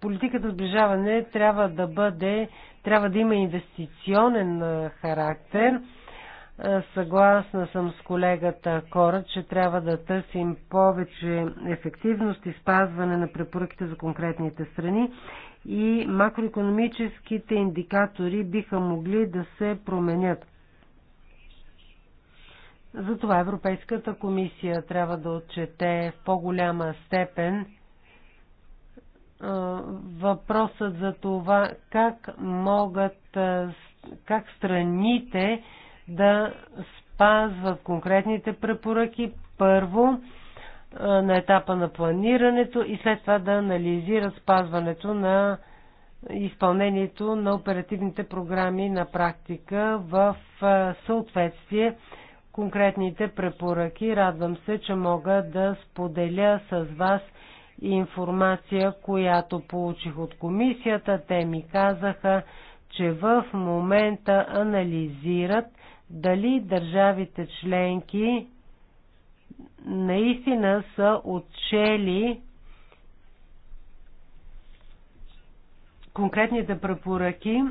Политиката сближаване трябва да бъде, трябва да има инвестиционен характер. Съгласна съм с колегата Кора, че трябва да търсим повече ефективност и спазване на препоръките за конкретните страни и макроекономическите индикатори биха могли да се променят. Затова Европейската комисия трябва да отчете в по-голяма степен въпросът за това как могат, как страните да спазват конкретните препоръки. Първо, на етапа на планирането и след това да анализира спазването на изпълнението на оперативните програми на практика в съответствие конкретните препоръки. Радвам се, че мога да споделя с вас информация, която получих от комисията. Те ми казаха, че в момента анализират дали държавите членки наистина са отчели конкретните препоръки.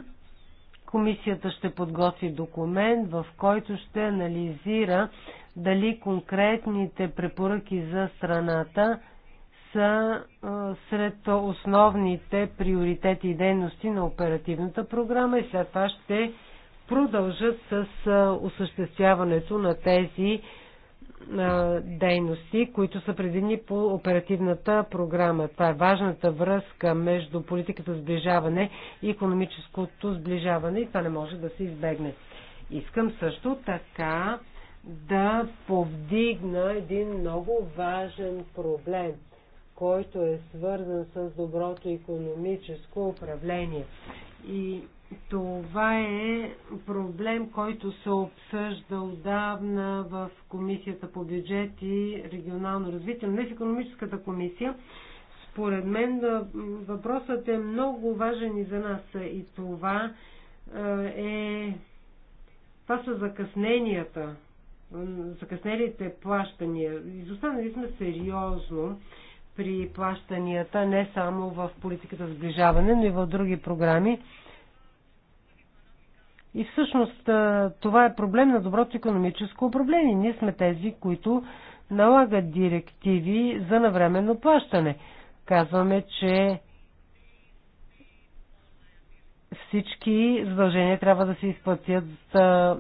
Комисията ще подготви документ, в който ще анализира дали конкретните препоръки за страната са сред основните приоритети и дейности на оперативната програма и след това ще продължат с осъществяването на тези дейности, които са предвидени по оперативната програма. Това е важната връзка между политиката сближаване и економическото сближаване и това не може да се избегне. Искам също така да повдигна един много важен проблем, който е свързан с доброто економическо управление. И това е проблем, който се обсъжда отдавна в Комисията по бюджет и регионално развитие, но не в економическата комисия. Според мен въпросът е много важен и за нас и това е това са закъсненията, закъснелите плащания. Изостанали сме сериозно при плащанията, не само в политиката сближаване, но и в други програми. И всъщност това е проблем на доброто економическо управление. Ние сме тези, които налагат директиви за навременно плащане. Казваме, че всички задължения трябва да се изплатят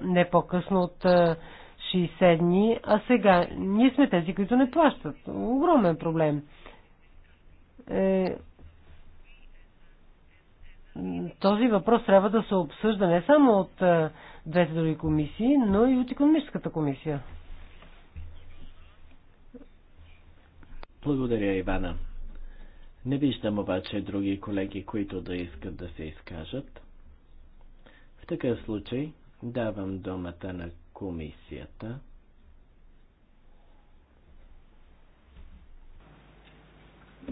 не по-късно от 60 дни, а сега ние сме тези, които не плащат. Огромен проблем. Е, този въпрос трябва да се обсъжда не само от е, двете други комисии, но и от економическата комисия. Благодаря, Ивана. Не виждам обаче други колеги, които да искат да се изкажат. В такъв случай давам думата на комисията.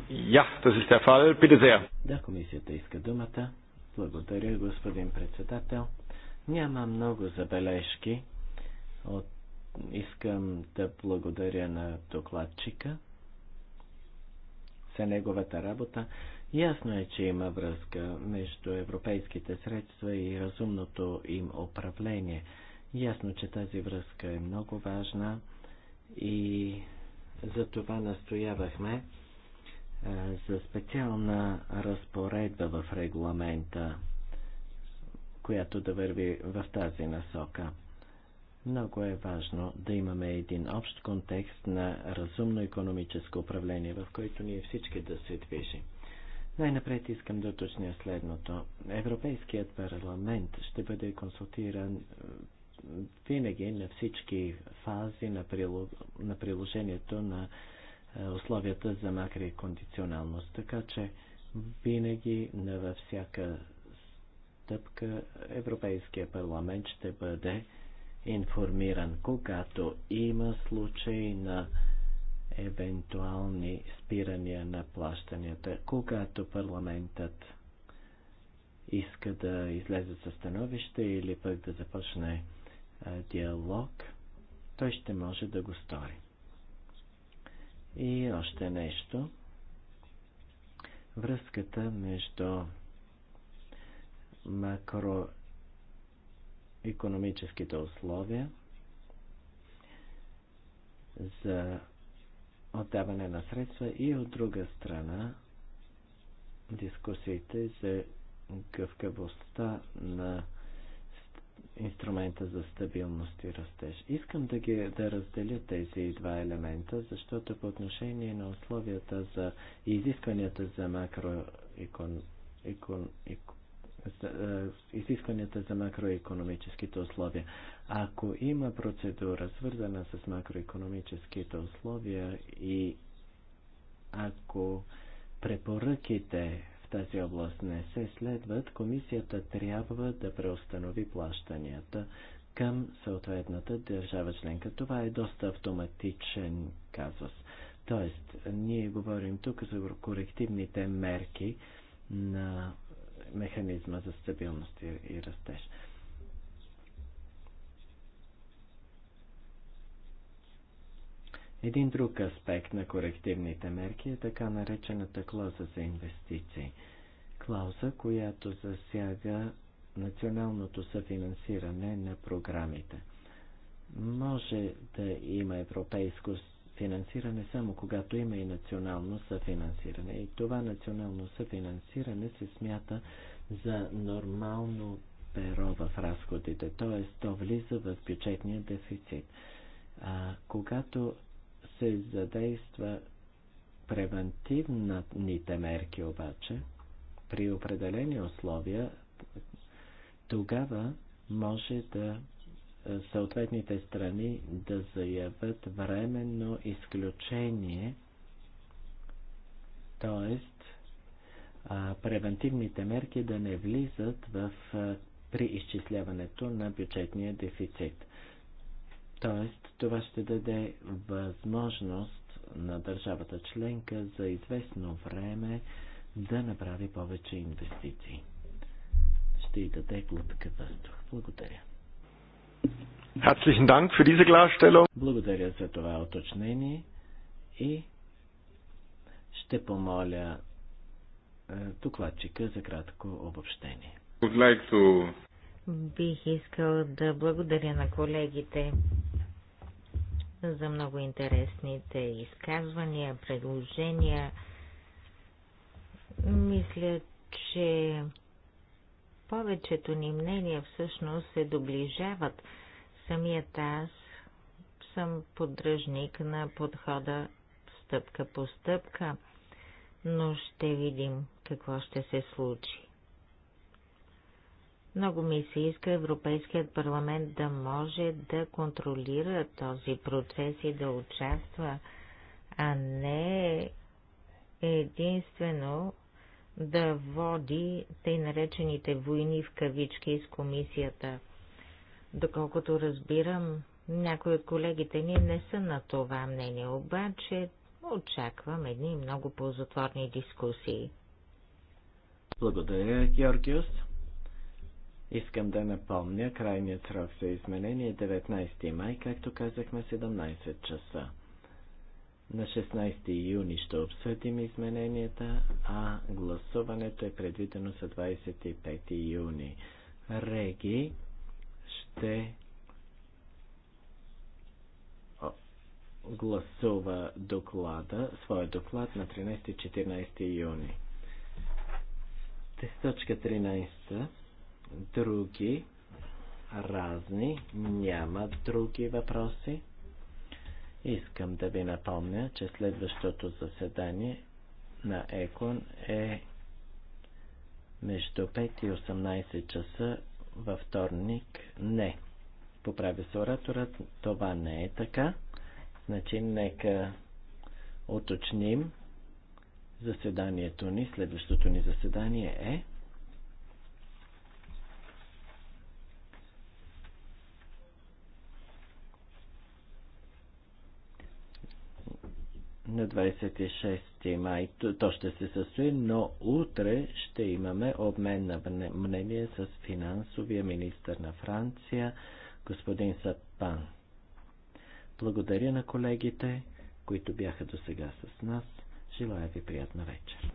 Ja, das ist der Fall. Bitte Да, комисията иска думата. Благодаря, господин председател. Няма много забележки. От... Искам да благодаря на докладчика за неговата работа. Ясно е, че има връзка между европейските средства и разумното им управление. Ясно, че тази връзка е много важна и за това настоявахме е, за специална разпоредба в регламента, която да върви в тази насока. Много е важно да имаме един общ контекст на разумно економическо управление, в който ние всички да се движим. Най-напред искам да уточня следното. Европейският парламент ще бъде консултиран е, винаги на всички фази на, на приложението на е, условията за макрокондиционалност. Така че винаги на във всяка стъпка Европейския парламент ще бъде информиран, когато има случай на евентуални спирания на плащанията, когато парламентът иска да излезе със становище или пък да започне диалог, той ще може да го стори. И още нещо. Връзката между макроекономическите условия за отдаване на средства и от друга страна дискусиите за гъвкавостта на инструмента за стабилност и растеж. Искам да, ги, да разделя тези два елемента, защото по отношение на условията за и изискванията за макро икон, икон, икон, е, изискванията за макроекономическите условия. Ако има процедура свързана с макроекономическите условия и ако препоръките тази област не се следват, комисията трябва да преустанови плащанията към съответната държава членка. Това е доста автоматичен казус. Тоест, ние говорим тук за корективните мерки на механизма за стабилност и растеж. Един друг аспект на корективните мерки е така наречената клоза за инвестиции клауза, която засяга националното съфинансиране на програмите. Може да има европейско финансиране само когато има и национално съфинансиране. И това национално съфинансиране се смята за нормално перо в разходите, т.е. то влиза в бюджетния дефицит. А, когато се задейства превентивните мерки обаче, при определени условия, тогава може да е, съответните страни да заявят временно изключение, т.е. превентивните мерки да не влизат в, при изчисляването на бюджетния дефицит. Тоест, това ще даде възможност на държавата членка за известно време да направи повече инвестиции. Ще й даде глътка въздух. Благодаря. Herzlichen Dank für diese Klarstellung. Благодаря за това уточнение и ще помоля е, докладчика за кратко обобщение. Like to... Бих искал да благодаря на колегите за много интересните изказвания, предложения. Мисля, че повечето ни мнения всъщност се доближават. Самият аз съм поддръжник на подхода стъпка по стъпка, но ще видим какво ще се случи. Много ми се иска Европейският парламент да може да контролира този процес и да участва, а не единствено да води тъй наречените войни в кавички с комисията. Доколкото разбирам, някои от колегите ни не са на това мнение, обаче очаквам едни много ползотворни дискусии. Благодаря, Георгиус. Искам да напомня, крайният срок за изменение е 19 май, както казахме 17 часа. На 16 юни ще обсъдим измененията, а гласуването е предвидено за 25 юни. Реги ще гласува доклада, своя доклад на 13-14 юни. Точка 13. Други разни. Няма други въпроси. Искам да ви напомня, че следващото заседание на ЕКОН е между 5 и 18 часа във вторник. Не. Поправи се ораторът. Това не е така. Значи, нека уточним заседанието ни. Следващото ни заседание е на 26 май. То ще се състои, но утре ще имаме обмен на мнение с финансовия министр на Франция, господин Сапан. Благодаря на колегите, които бяха до сега с нас. Желая ви приятна вечер.